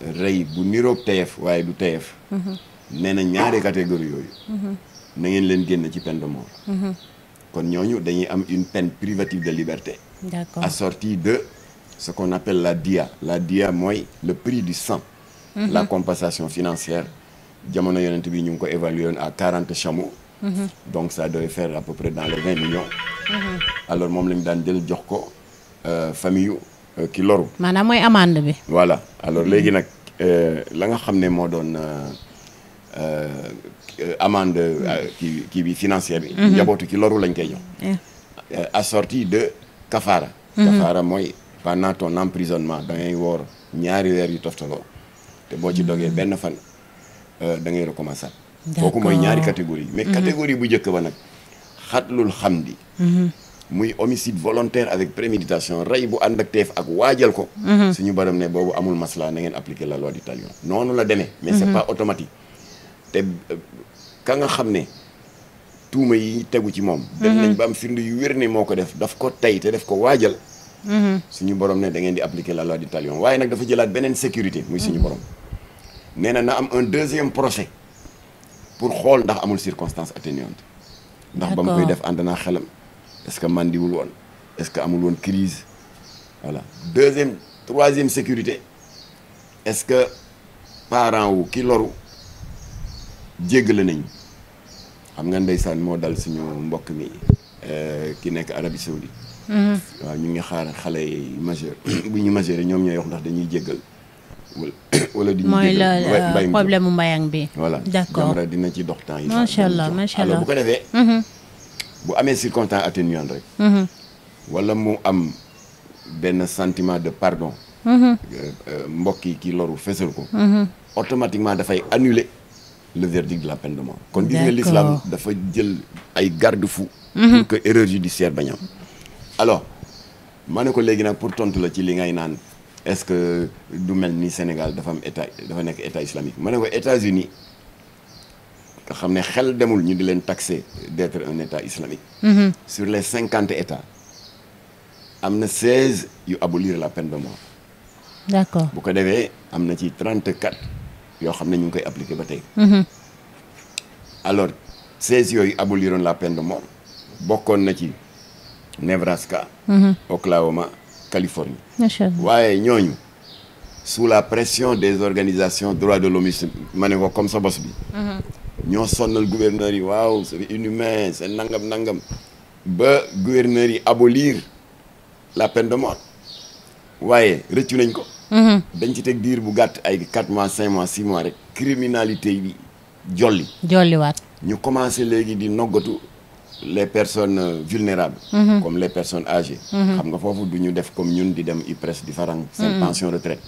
rey bu niroog teyef waaye du teyef mm-hmm. nee na ñaari catégorie yooyu mm-hmm. na ngeen leen génn ci peine de mort mm-hmm. kon ñooñu dañuy am une peine privative de liberté d'accord assortie de ce qu'on appelle la DIA la DIA mooy le prix du sang mm -hmm. la compensation financière jamono yonent bi ñu ngi ko évalué woon à quarante chameaux mm -hmm. donc ça devait faire à peu près dans les vingt millions mm alors moom la daan jël jox ko euh, famille Euh, ki loru. maanaam mooy amande bi. voilà alors léegi nag euh, la nga xam ne moo doon euh, amende kii kii bi financier bi. Mhm. njabootu ki loru lañ koy jox. assorti de kafaara. Mhm. kafaara mooy pendant ton emprisonnement da ngay woor ñaari weer yu toftaloo te boo ci dogee benn fan da ngay recommencer. kooku mooy ñaari catégorie mais mhm. catégorie bu njëkk ba nag xatlul xamdi. muy homicide volontaire avec préméditation rey bu ànd ak teef ak waajal ko. Mhm. suñu borom ne boobu amul maslaa na ngeen appliquer la loi du talion. noonu la demee. mais c'est mhm. pas automatique. te ka nga xam ne tuuma yi tegu ci moom. def mhm. nañ ba am firnde yu wér ne moo ko def daf ko tey te def ko waajal. suñu borom ne da ngeen di appliquer la loi du talion waaye nag dafa jëlaat beneen sécurité. muy suñu borom nee na na am un deuxième procès pour xool ndax amul circonstance atténuante. ndax ba def ànd xelam. est-ce que mandiwul woon est-ce que amul woon crise voilà deuxième troisième sécurité est-ce que parent wu ki loru jéggale nañu xam nga ndeysaan moo dal suñu mbokk mi euh, ki nekk Arabie Saoudite mm-hmm. waaw ñu ngi xaar xale yi majeur bu ñu majeur ñoom ñooy wax ndax dañuy jéggal wala di mooy la problème mu mbayang bi voilà d'accord dina ci dox temps yi macha allah macha allah bu ko defee mm-hmm. bu amee circonstance atténuante rek. Mm-hmm. wala mu am benn sentiment de pardon. Mm-hmm. Euh, euh, mbokk yi ki loru fésal ko. Mm-hmm. automatiquement dafay annuler le verdict de la peine kon gis nga l'islam dafa jël ay garde-fou. pour que erreur judiciaire bañ am. ma ne ko léegi nag pour tontu la ci li ngay naan est-ce que du mel ni Sénégal dafa am état dafa nekk état islamique ma ne ko États-Unis nga xam ne xel demul ñu di leen taxé d'être un état islamique mm-hmm. sur les cinquante états am na seize yu abolir la peine de mort bu ko defee am na ci trente quatre yoo xam ne ñu ngi koy appliqué ba tey mm-hmm. alors seize yooyu aboliroon la peine de mort bokkoon na ci Nebraska mmh. Oklahoma Californie waaye ñooñu sous la pression des organisations droits de l'homme ma ne ko comme sa bos bi mm-hmm. ñoo sonnal gouverneurs yi waaw c'est mais c'est nangam nangam ba gouverneurs yi abolir la peine de mort waaye rëccu nañ ko. Mhm. dañ ci teg diir bu gàtt ay 4 mois 5 mois 6 mois rek criminalité bi jolli. jolliwaat ñu commencé léegi di noggatu les personnes euh, vulnérables. Mm -hmm. comme les personnes âgées. Mhm. xam nga foofu du ñu def comme ñun di dem IPRES di farang. seen mhm. pension retraite.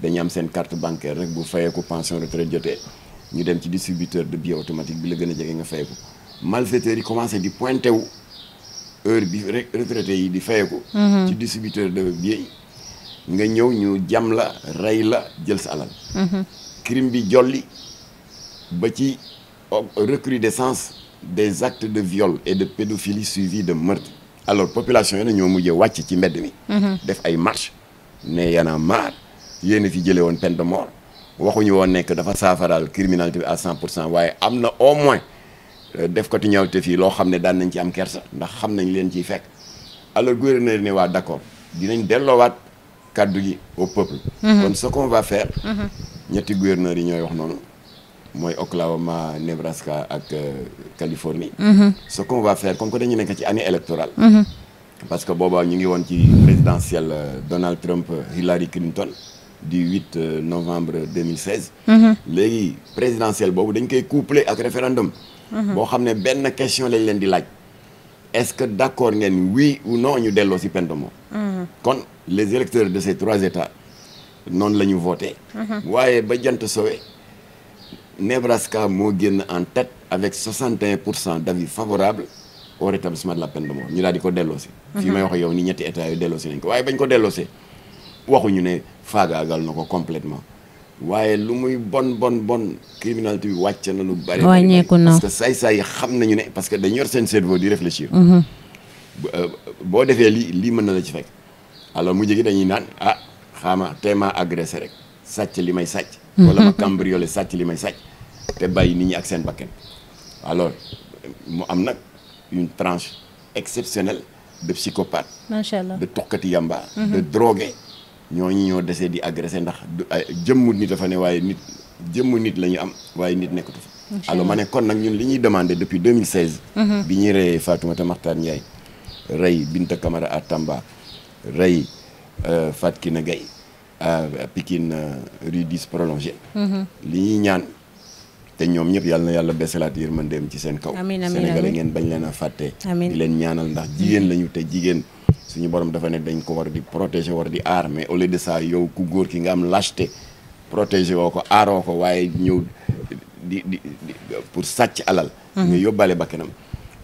dañu am seen carte bancaire rek bu fayeeku pension retraite jotee. ñu dem ci distributeur de billets automatique bi la gën a jege nga fay ko malfaiteurs yi commencé di pointé wu heure bi retraité yi di fay ko. Mhm. ci distributeur de billets nga ñëw ñu jam la rey la jël sa alal. Mhm. crime bi jolli ba ci recrudescence des actes de viol et de pédophilie suivis de meurtre. alors population yi na ñoo mujjee wàcc ci mbedd mi. Mhm. def ay marche ne yana maar yéen a fi jëlee woon peine de mort. waxuñu woon nekk dafa saafaraal criminalité bi à 100 pour cent waaye am na au moins euh, def ko ti ñaawte fii loo xam ne daan nañ ci am kerse ndax xam nañ leen ciy fekk alors gouverneur ne waa d'accord dinañ delloowaat kaddu gi au peuple. Mhm. kon ce qu'on va faire. Mhm. ñetti gouverneurs yi ñooy wax noonu mooy Oklahoma Nebraska ak euh, Californie. Mhm. ce qu'on va faire comme que dañu nekk ci année électorale. parce que boobaa ñu ngi woon ci présidentielle euh, Donald Trump Hillary Clinton. du 8 euh, novembre 2016. Mhm. léegi présidentielle boobu dañ koy couplé ak référendum. Mhm. boo xam ne benn question lañ leen di laaj. est-ce que d'accord ngeen oui ou non ñu delloo si peine de mhm. kon les électeurs de ces trois états noonu la ñu voté. waaye ba jant sowe Nebraska moo génn en tête avec 61 pour cent d'avis favorables au rétablissement de la peine de ñu daal di ko delloosi. fii may wax yow ni ñetti états yu delloosi nañ ko waaye bañ ko delloosee. waxuñu ne faagaagal na ko complètement waaye lu muy bon bon bon criminalité bi wàcc na lu bari wàññeeku na parce que saay-saay yi xam nañu ne parce que dañu yor seen cerveau di réfléchir mhm. euh, boo defee lii lii mën na la ci fekk alors mu jegi dañuy naan ah xaama téema agressé rek sàcc li may sàcc mhm. wala ma cambriolé sàcc li may sàcc te bàyyi nit ñi ak seen bakkan alors mu am nag une tranche exceptionnelle de psychopathe macha allah de tuxkati yamba mhm. de drogué ñooñu ñoo desee di agressé ndax du ay jëmmu nit dafa ne waaye nit jëmmu nit lañu am waaye nit nekkatu fa alors ma ne kon nag ñun li ñuy demandé depuis 2016 mhm. bi ñuy reyee Fatoumata Makhtar Ndiaye rey Binta Camara à Tamba rey euh, Fatou Kiné Gaye à Pikine euh, rue 10 prolongée mhm. li ñuy ñaan te ñoom ñëpp yàlla na yàlla besalaat yërmandeem ci seen kaw a ngeen bañ leen a fàtte di leen ñaanal ndax jigéen lañu te jigéen suñu borom dafa ne dañ ko war di protéger war di aar mais au lieu de ça yow ku góor ki nga am lâcheté protéger woo ko aaroo ko waaye ñëw di di pour sàcc alal. Mhm. nga yóbbaale bakkanam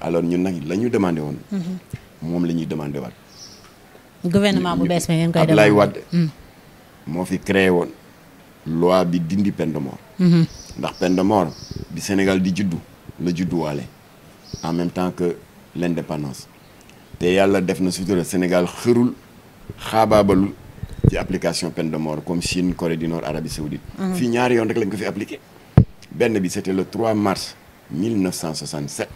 alors ñun nag la mhm. moom la ñuy demandé waat. gouvernement bu bees mi ngeen koy demandé mhm. moo fi créé woon loi bi dindi peine de mort. ndax peine de mort bi Sénégal di juddu la judduwaale en même temps que l' te yàlla def na sutura Sénégal xërul xaabaabalul ci application peine de mort comme Chine Corée du Nord Arabie Saoudite mhm. fii ñaar yoon rek lañ ko fi appliqué benn bi c'était le 3 mars 1967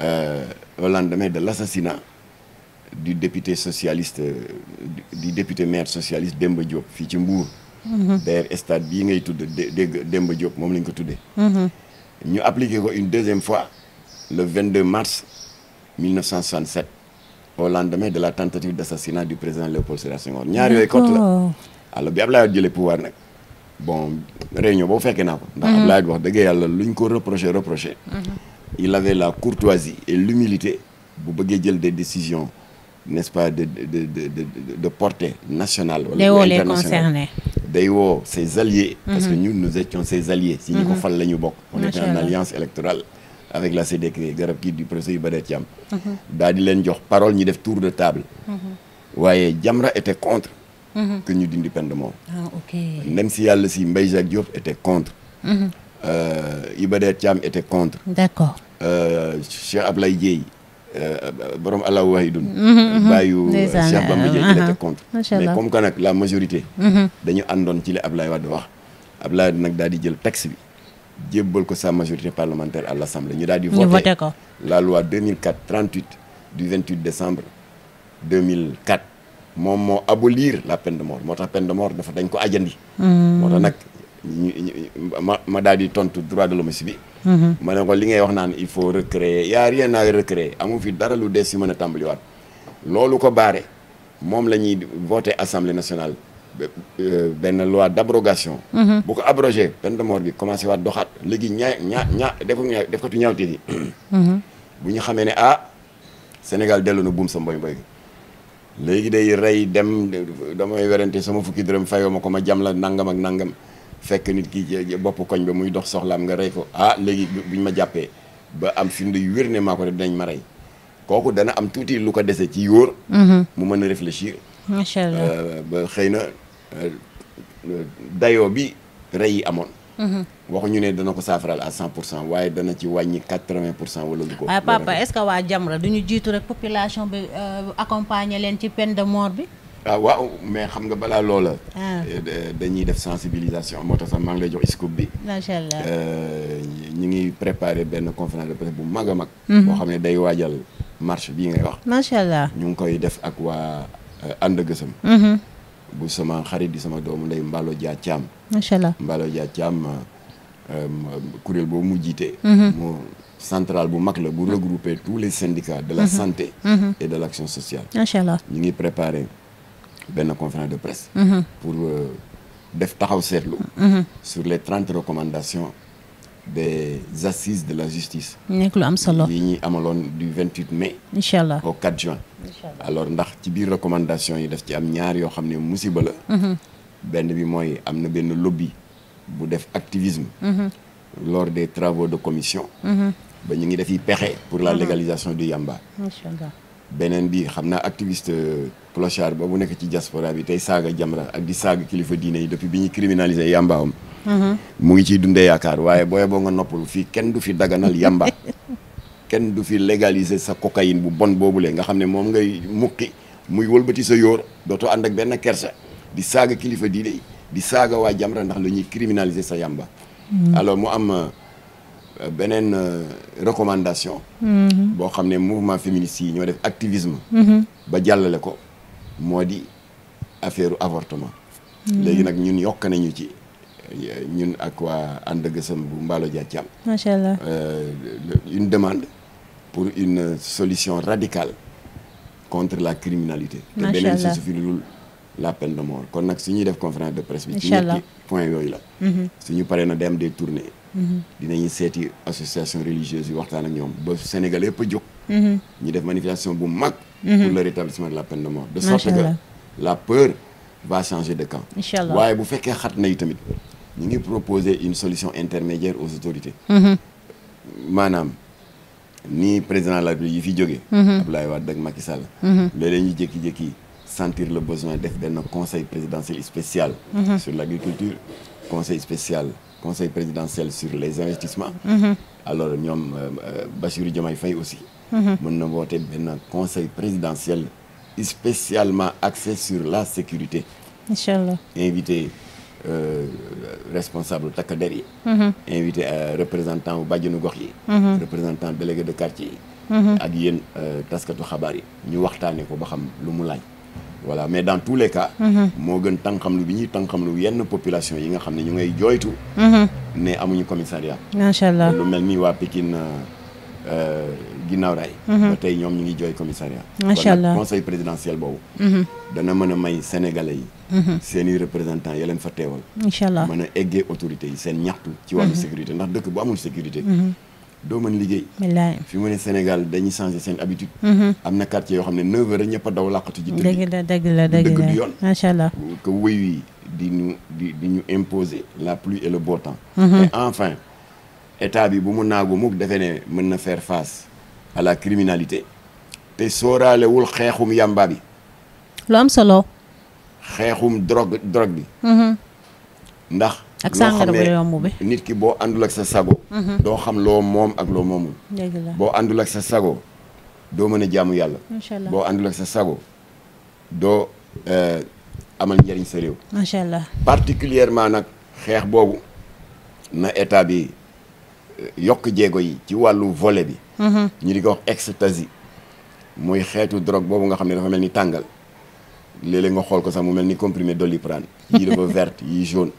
euh, au lendemain de l'assassinat du député socialiste du député maire socialiste Demba Diop fii ci Mbour mhm. d'ailleurs stade bii ngay tudd dégg Demba Diop moom lañ ko tuddee mhm. ñu appliqué ko une deuxième fois le 22 mars 1967 au lendemain de la tentative d' assassinat du président Léopold Sédar Senghor ñaar yooyu kott la alors bi Abdoulaye Wade jëlee pouvoir nag bon réunion boobu fekkee naa ko ndax mhm. Abdoulaye Wade wax dëgg yàlla luñ ko reproché reproché mhm. il avait la courtoisie et l'humilité bu bëggee jël des décision n'est-ce pas de de de de de portée nationale. wala internationale day woo ses alliés. parce que mhm. ñun nous étions ses alliés. si ñu ko fal la ñu bokk. on était en alliance électorale. avec la CDC garab kii di professeur yu bëree ci am. daal di leen jox parole ñu def tour de table. waaye Jamra était contre. que ñu dindi peine ndem ah, si yàlla si Mbaye Jacques Diop était contre. Euh, Iba Der Thiam était contre. d'accord euh, Cheikh Ablaye Dieye euh, borom Allahu Wahidun. Mhm, mhm. bàyyu Cheikh Bamba Dieye il uh-huh. était contre. mais comme que la majorité. Mhm. dañu àndoon ci li Ablaye Wade wax. Ablaye nag daal di jël texte bi. jébbal ko sa majorité parlementaire à l'Assemblée ñu daal di voté ko la loi 2004 38 du 28 décembre 2004 moom moo abolir la peine de mort moo tax peine de mort dafa dañ ko ajandi hmm. moo tax nag ma daal di tontu droit de l'homme bi hmm. ma ne ko li ngay wax naan il faut recréer y a rien à recréer amu fi dara lu des si mën a tàmbaliwaat loolu ko baare moom la ñuy assemblée nationale benn loi d'abrogation. Mhm. bu ko abrogé peine de bi commencé waat doxaat léegi ñaa ñaa ñaa def ñaa def ko tu yi. Mhm. bu ñu xamee ne ah Sénégal dellu na buum sa mboy mboy léegi day rey dem damay werante sama fukki dërëm fayoo ma ko ma jam la nangam ak nangam fekk nit ki bopp koñ ba muy dox soxlaam nga rey ko ah léegi buñ ma jàppee ba am firnde yu wér ne maa ko def dinañ ma rey kooku dana am tuuti lu ko dese ci yóor. Mhm. mu mën a réfléchir. Euh, ba xëy na. Euh, euh, dayoo bi rey yi amoon. Mhm. waxuñu ne dana ko saafaral à 100 pour cent waaye dana ci wàññi 80 pour cent wala lu ko. waaye papa est-ce que waa duñu jiitu rek population bi euh, accompagner leen ci peine de mort bi. Ah, waaw mais xam nga balaa loola. Ah. dañuy def sensibilisation moo tax sax maa ngi jox scoop bi. macha allah ñu ngi préparer benn conférence de presse bu mag a mag. Mhm. boo xam ne day waajal marche bii ngay wax. macha allah ñu ngi koy def ak waa ànd bu sama xarit di sama doomu ndey Mballo Dia Thiam. macha allah Mballo Dia Thiam euh, euh, kuréel boobu mu jiite. moo mhm. bu mag la bu regrouper tous les syndicats de la mhm. santé. Mhm. et de l' action sociale. macha allah ñu ngi préparer benn conférence de presse. pour euh, def taxaw seetlu. sur les trent recommandations. des assises de la justice. nekk lu am solo yi ñuy amaloon du 28 mai. incha allah alors ndax ci biir recommandation yi def ci am ñaar yoo xam ne musiba la mm-hmm. benn bi mooy am na benn lobby bu def activisme mm-hmm. lors des travaux de commission mm-hmm. ba ñu ngi def yi pexe pour la légalisation du yamba beneen bi xam naa activiste euh, clochard ba bu nekk ci diaspora bi tey saaga Jamra ak di saaga kilifa diine yi depuis bi ñu criminalisé yambaam mu ngi ciy dundee yaakaar waaye booye boo nga noppal fii kenn du fi daganal yamba kenn du fi légaliser sa cocaïne bu bon boobule nga xam ne moom ngay mukki muy wëlbati sa yóor dootoo ànd ak benn kersa di saaga kilifa dii yi di saaga waa Jamra ndax lu ñuy criminaliser sa yàmba. Hmm. alors mu am euh, beneen euh, recommandation. Hmm. boo xam ne mouvement féministe yi ñoo def activisme. Hmm. ba jàllale ko moo di affaire avortement. léegi nag ñun yokk nañu ci euh, ñun ak waa ànd gësam bu Mballo Dia Thiam. macha allah pour une solution radicale contre la criminalité te beneen si sufi lul la peine de mort kon nag su ñuy def conférence de presse bi ci ñetti point yooyu la mhm. suñu paree na dem des tournées mhm. dinañu seeti association religieuse yi waxtaan ak ñoom ba Sénégal yëpp a jóg mhm. def manifestation bu mag pour le rétablissement de la peine de mort de sorte que la peur va changer de camp waaye bu fekkee xat na yi tamit ñu ngi proposer une solution intermédiaire ni président la République yi fi jógee. Mhm. Abdoulaye Wade ak Macky Sall. Mhm. léeg-léeg ñu jékki-jékki santir le besoin def benn conseil présidentiel spécial. Mhm. sur l' agriculture conseil spécial conseil présidentiel sur les investissements. alors ñoom euh, euh, Bassirou Diomaye Faye aussi. mën na woote benn conseil présidentiel spécialement axé sur la sécurité. incha allah Euh, responsable takk der yi. Mhm. invité euh, représentant bu bàjjenu gox yi. Mhm. représentant délégué de quartier yi. Mhm. ak yéen euh, taskatu xabaar yi ñu waxtaanee ko ba xam lu mu laaj. voilà mais dans tous les cas. moo gën tànqamlu bi ñuy tànqamlu yenn population yi nga xam ne ñu ngay jooytu. ne amuñu commissariat. macha allah lu mel ni waa ginnaaw raay. ba ñoom ñu ngi jooy commissariat. macha allah conseil présidentiel boobu. dana mën may sénégalais yi. Mm-hmm. seen i représentant ya leen fa teewal incha allah mën a eggee autorité yi seen ñaxtu ci wàllu mm-hmm. sécurité ndax dëkk bu amul sécurité mm-hmm. doo mën liggéey fi mu ne Sénégal dañuy changé seen habitude am na quartier yoo xam ne neuf heures ñëpp daw làqatu ji dëgg la dëgg la dëgg du yoon macha allah que wéyu di ñu di ñu imposer la pluie et le beau temps et enfin état bi bu mu naagu mukk defee ne mën na faire face à la criminalité te sooraalewul xeexum yàmba bi lu am solo xeexum drogue drogue bi. Mm-hmm. ndax. ak sàngara bu nit ki boo àndul ak sa sago. Mm-hmm. doo xam loo moom ak loo moomul. boo àndul ak sa sago doo mën a jaamu yàlla. macha allah boo àndul ak sa sago doo eh, amal njëriñ sa réew. macha allah particulièrement nag xeex boobu na état bi eh, yokk jéego yi ci wàllu vole bi. Mm-hmm. ñu di ko wax ecstasy. muy xeetu drogue boobu nga xam ne dafa mel ni tàngal. léeg-léeg nga xool ko sax mu mel ni comprimé Doliprane yii dafa vert yii jaune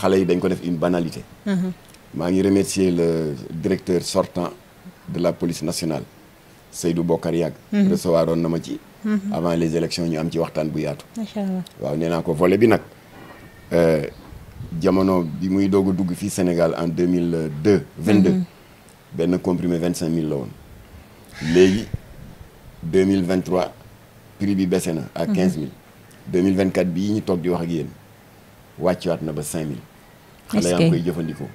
xale yi dañ ko def une banalité mhm. maa ngi remercier le directeur sortant de la police nationale Seydou Bokar Yàgg mhm. recevoir na ma ci mhm. avant les élections ñu am ci waxtaan bu yaatu waaw nee naa ko volet bi nag euh, jamono bi muy doog dugg fii Sénégal en deux mille deux vingt deux benn comprimé vingt cinq mille la woon léegi mille vingt prix bi baissé na ak mhm. quinze mille deux mille vingt quatre bii ñu toog di wax ak wàcc wàcciwaat na ba cinq mille xale yaa ngi koy jëfandikoo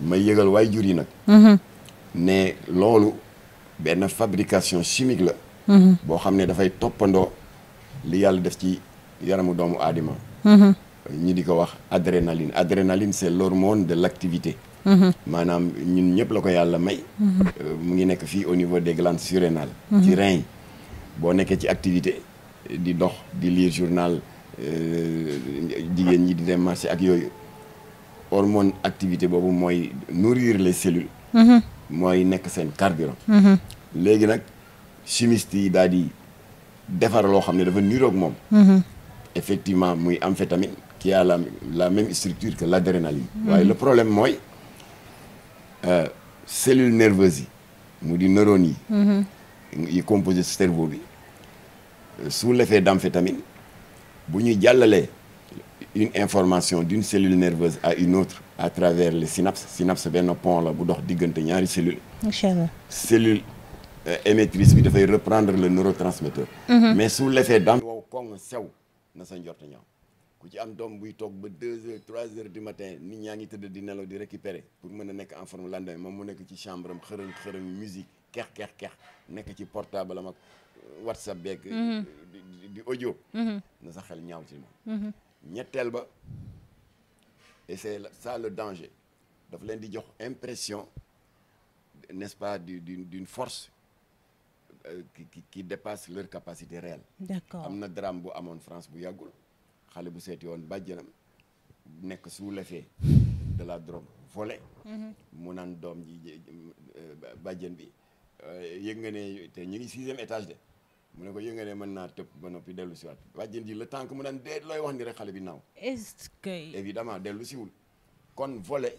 may yëgal waay jur yi nag mhm. ne loolu benn fabrication chimique la mhm. boo xam ne dafay toppandoo li yàlla def ci yaramu doomu aadama ñi di ko wax adrénaline adrénaline c'est l'hormone de l'activité maanaam ñun ñëpp la ko yàlla may euh, mu ngi nekk fii au niveau des glandes surrénales ci rein boo nekkee ci activité di dox di lire journal euh, jigéen ñi di dem marché ak yooyu hormone activité boobu mooy nourrir les cellules. Mm-hmm. mooy nekk seen carburant. Mm-hmm. léegi nag chimiste yi daal di defar loo xam ne dafa niroog moom. Mm-hmm. effectivement muy amphétamine qui a la la même structure que l'adrénaline. waaye le problème mooy euh, cellules nerveuses yi mu di neurones yi. yi composé cerveau bi su sous l'effet d'amphétamine bu ñuy jàllalee une information d'une cellule nerveuse à une autre à travers les synapses synapse benn pont la bu dox diggante ñaari cellule inchallah cellule euh, émettrice bi dafay reprendre le neurotransmetteur mm-hmm. mais su l'effet dam wow koŋ sew na sa njort ñaaw ku ci am doom buy toog ba deux heures trois heures du matin nit ñaa ngi tëdd di nelaw di récupérer pour mën a nekk en forme lendemain moom mu nekk ci chambre am xërëñ xërëñ keex nekk ci portable am ak whatsapp beeg. di mhm. di audio. Mhm. na sa xel ñaaw ci moom. Mhm. ñetteel ba et c'est ça le danger daf leen di jox impression nest pas du d'une force. Euh, qui qui qui dépasse leur capacité réelle. am na drame bu amoon France bu yàggul xale bu seeti woon bàjjanam nekk sous l'effet de la drogue volée. mu naan doom ji euh, bàjjan bi Euh, yëg nga ne te ñu ngi sixième étage de mu ne ko yëg nga ne mën naa tëb ba noppi dellu siwaat wàjjën ji le temps que mu naan dee looy wax ni rek xale bi naaw est-ce que évidemment dellu siwul kon volet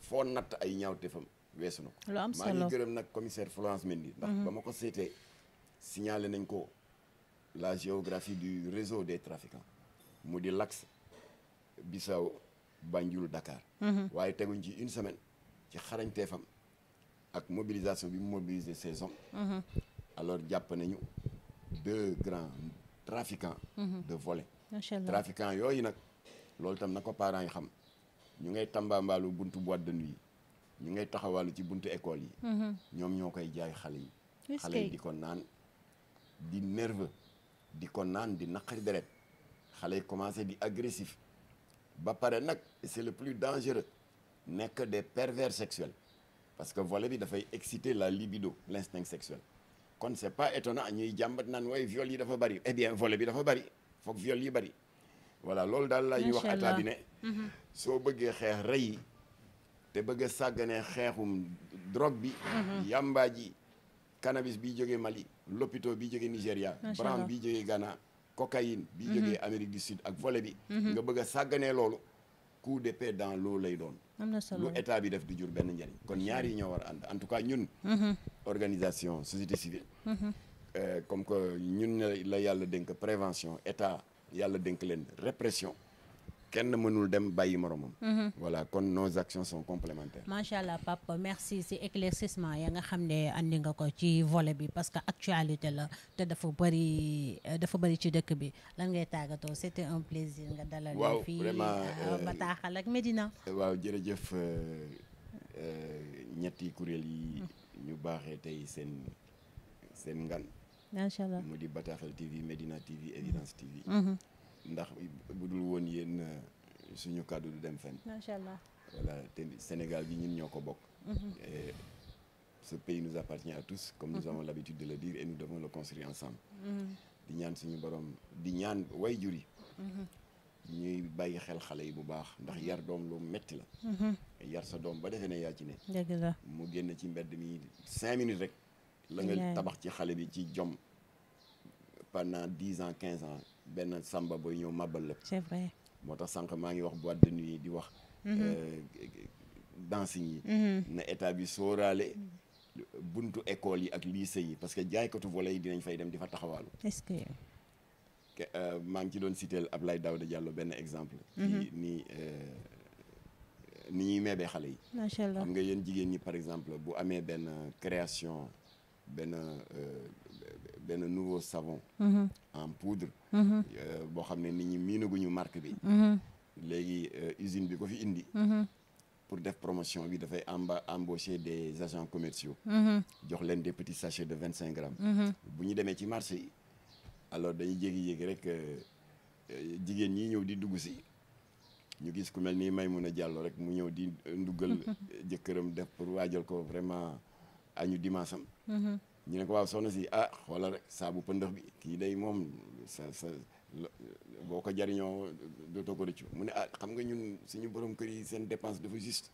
foo natt ay ñaawteefam weesu na ko lu am maa ngi gërëm nag commissaire Florence Mendy ndax mhm. ba ma ko seetee signalé nañ ko la géographie du réseau des trafiquants mu di l'axe Bissau Banjul Dakar mhm. waaye teguñ ci une semaine ci xarañteefam ak mobilisation bi mu mobiliser ses hommes mm-hmm. alors jàpp nañu deux grands trafiquants mm-hmm. de volets trafiquants yooyu nag loolu tam na ko parents yi xam ñu ngay tambaambaalu buntu boîte de nuit ñu ngay taxawaalu ci buntu école yi mm-hmm. ñoom ñoo koy jaay xale yi di ko naan di nerveux di ko naan di naqari deret xale yi commencé di agressif ba pare nag c'est le plus dangereux nekk des pervers sexuels parce que volet bi dafay exciter la libido l'instinct section kon c'est pas étonnant ñuy jàmbat naan waaye viol yi dafa bari eh bien vole bi dafa bari foog viol yi bari voilà loolu daal la ñuy wax état bi ne soo bëggee xeex rey te bëgg a sàgganee xeexum drogue bi mm-hmm. yamba ji cannabis bi jógee Mali lopito bi jógee Nigéria bran bi jógee Ghana cocaïne bi jógee mm-hmm. Amérique du Sud ak vole bi mm-hmm. nga bëgg a sàgganee loolu coup d'épée dans l'eau lay doon. lu état bi def du jur benn njëriñ. kon ñaar yi ñoo war a ànd en tout cas ñun. Mm-hmm. organisation société civile. Mm-hmm. Euh, comme que ñun la yàlla dénk prévention état yàlla dénk leen répression. kenn mënul dem bàyyi moroomam mhm. voilà kon nos actions sont complémentaires. macha allah papa merci si éclaircissement ya nga xam ne andi nga ko ci vole bi parce que actualité la te dafa bëri euh, dafa bëri ci dëkk bi lan ngay tàggatoo c' était un plaisir nga dalal. waaw fii euh, euh, bataaxal ak médina waaw jërëjëf ñetti kuréel yi. ñu baaxee tey seen seen ngan. macha allah mu di bataaxal TV Medina TV Evidence TV. Mhm. ndax bu dul woon yéen euh, suñu kàddu du dem fenn. macha allah voilà te Sénégal bi ñun ñoo ko bokk. Mhm. ce pays nous appartient à tous. comme nous mhm. avons l'habitude de le dire et nous devons le construire ensemble. Mhm. di ñaan suñu borom di ñaan way jur ñuy bàyyi xel xale yi bu baax ndax yar doom lu metti la yar sa doom ba defee na yaa ci ne dëgg mu génn ci mbedd mi cinq minutes rek la nga tabax ci xale bi ci jom pendant dix ans quinze ans benn samba booy ñëw màbbal la. c'est vrai moo tax sànq maa ngi wax boîte de nuit di wax. Mhm. Euh, danse yi. Mhm. na état bi sóoraale. buntu école yi ak lycée yi parce que jaaykatu volet yi dinañ fay dem di fa taxawaalu. est-ce euh, maa ngi ci doon citeel Ablaye Daouda Diallo benn exemple. ci mhm. ni euh, ni ñuy meebee xale yi. macha allah xam nga yéen jigéen ñi par exemple bu amee benn création benn. benn nouveau savon mhm. en poudre mhm. euh, boo xam ne nit ñi miinaguñu marque bi mhm. léegi euh, usine bi ko fi indi pour def promotion bi dafay emba embaucher des agents commerciaux jox leen de petits sachets de vingt cinq grammes bu ñu demee ci marché yi alors dañuy jéegi-jéegi rek euh, jigéen ñi ñëw di dugg si ñu gis ku mel ni a Diallo rek mu ñëw di ndugal jëkkëram def pour waajal ko vraiment añu dimanche ñu ne ko waaw si ah xoolal rek saabu pëndëx bi kii day moom sa sa boo ko jariñoo dootoo ko mu ne ah xam nga ñun suñu borom kër yi seen dépense dafa juste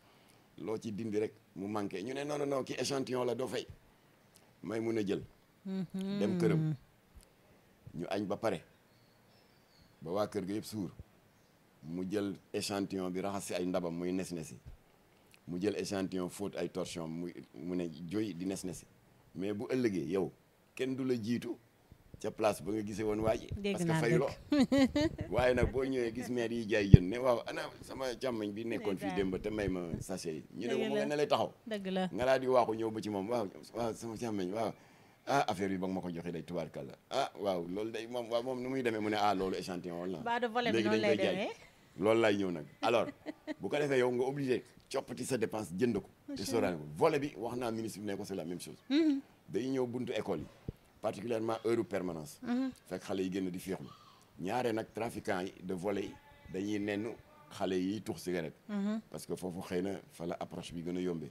loo ci dindi rek mu manqué ñu ne non non ki la doo fay may mun a jël mm-hmm. dem këram ñu añ ba pare ba waa kër ga yëpp suur mu jël échantillon bi raxas si ay ndabam muy nes nesi mu jël échantillon fóot ay torchon mu mu ne joy di nes nesi mais bu ëllëgee yow kenn du la jiitu ca place ba nga gisee woon waa ji parce que fayuloo waaye nag boo ñëwee gis maire yi jaay jën ne waaw ana sama càmmañ bi nekkoon fii ba te may ma sachet yi ñu ne mu nga ne lay taxaw dëgg la nga laa di waaxu ñëw ba ci moom waaw waaw sama càmmañ waaw ah affaire bi ba nga ma ko joxee day tubaarkàlla ah waaw loolu day moom waaw moom ni muy demee mu ne ah loolu échantillon la léegi dañ koy jaay loolu lay ñëw nag alors bu ko defee yow nga obligé coppati sa dépense jënd ko te sóoraale ko volet bi wax naa ministre bi ne ko c'est la même chose mm-hmm. day ñëw buntu école yi particulièrement heure permanence mm-hmm. fekk xale yi génn di féexlu ñaare nag trafiquant yi de volet yi dañuy nenn xale yi tux cigarette mm-hmm. parce que foofu xëy na fa la approche bi gën a yombee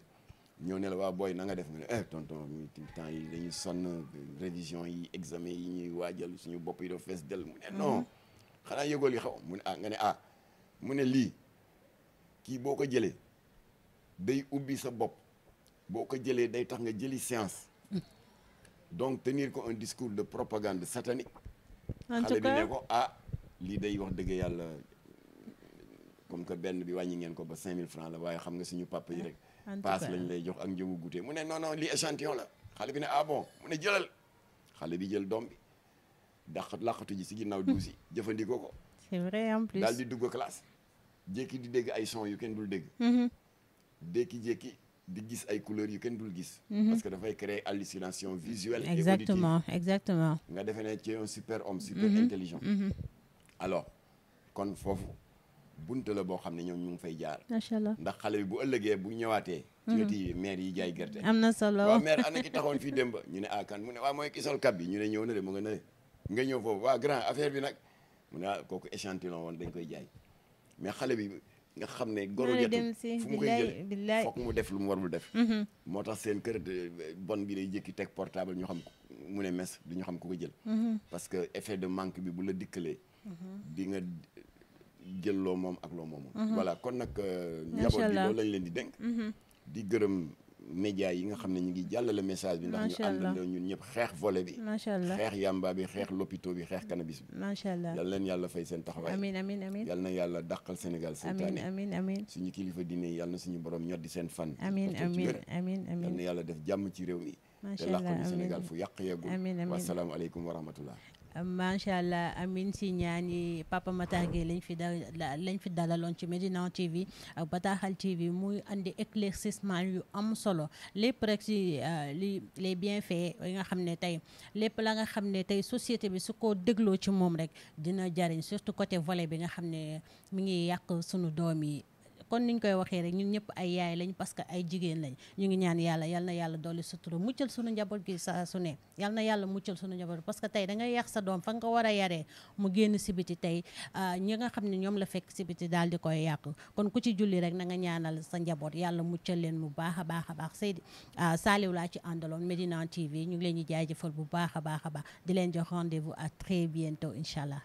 ñoo ne la waa booy na nga def nga ne eh tonton temps yi dañuy sonn révision yi examen yi ñuy waajal suñu bopp yi doo fees del mu ne non xanaa yëgool yi xaw mu ah, ne ah mu ne lii kii boo ko jëlee day ubbi sa bopp boo ko jëlee day tax nga jëli science donc tenir ko un discours de propagande satanique en tout xale bi ne ko ah lii day wax dëgg yàlla comme que benn bi wàññi ngeen ko ba mille francs la waaye xam nga suñu papa yi rek paas lañ lay jox ak njëgu goûter mu ne non non lii échantillon la xale bi ne ah bon mu ne jëlal xale bi jël doom bi daq laqatu ji si ginnaaw duus yi jëfandikoo ko c'est daal di dugg classe jékki di dégg ay son yu kenn dul dégg mm-hmm. jékki-jékki di gis ay couleurs yu kenn dul gis. Mhm. parce que dafay créer hallucination visuelle. exactement nga defe ne ci un super homme. super mhm. intelligent. Mhm. alors kon foofu bunte la boo xam ne ñoom ñu ngi fay jaar. macha allah ndax xale bi bu ëllëgee bu ñëwaatee. ci weti maire yi jaay gerte. am na solo waaw maire ana ki taxoon fii ba ñu ne ah kan mu ne waaw mooy ki kab bi ñu ne ñëw na de mu nga nële. nga ñëw foofu waa grand affaire bi nag mu ne ah kooku échantillon dañ koy jaay mais xale bi. nga xam ne goru yetu fu mu koy jël mu def lu mu warul def mm-hmm. moo tax seen kër bon bi day jékki teg portable ñu xam mu ne mes du ñu xam ku ko jël mm-hmm. parce que effet de manque bi bu la dikkalee mm-hmm. di nga jël loo moom ak loo moomul voilà kon nag euh, njaboot bi loolu lañ leen di dénk di gërëm média yi nga xam ne ñu ngi jàllale message bi ndax ñu àndandoo ñun ñëpp xeex volet bi macha allah xeex yamba bi xeex loppito bi xeex cannabis bi macha allah yal yàlla fay seen taxawaay amiin amiin amiin yal na yàlla dàqal Sénégal seytaane amiin amiin suñu kilifa diine yi yal suñu borom ñoddi seen fan amiin amiin amiin yàlla def jàmm ci réew mi te làqal ñu fu yàq yeggul amiin amiin wasalaamu aleykum wa macha allah amin si ñaani Papa Matar Gueye lañ fi da lañ fi dalaloon ci Medina TV ak Bataaxal TV muy andi éclaircissement yu am solo lépp rek si euh, li les bienfaits yi nga xam ne tey lépp la nga xam ne tey société bi su ko dégloo ci moom rek dina jariñ surtout côté volet bi nga xam ne mu ngi yàq sunu doom yi kon niñ koy waxee rek ñun ñëpp ay yaay lañ parce que ay jigéen lañ ñu ngi ñaan yàlla yal na yàlla dolli sutura muccal sunu njaboot gi saa su ne yal na yàlla muccal sunu njaboot parce que tey da nga yàq sa doom fa nga ko war a yaree mu génn si biti tey ah, ñi nga xam ne ñoom la fekk si biti daal di koy yàqu kon ku ci julli rek nanga ñaanal sa njaboot yàlla muccal leen mu baax a baax a baax Seydi ah, laa ci àndaloon Medina TV ñu ngi leen di jaajëfal bu baax a baax a baax di leen jox rendez-vous à incha allah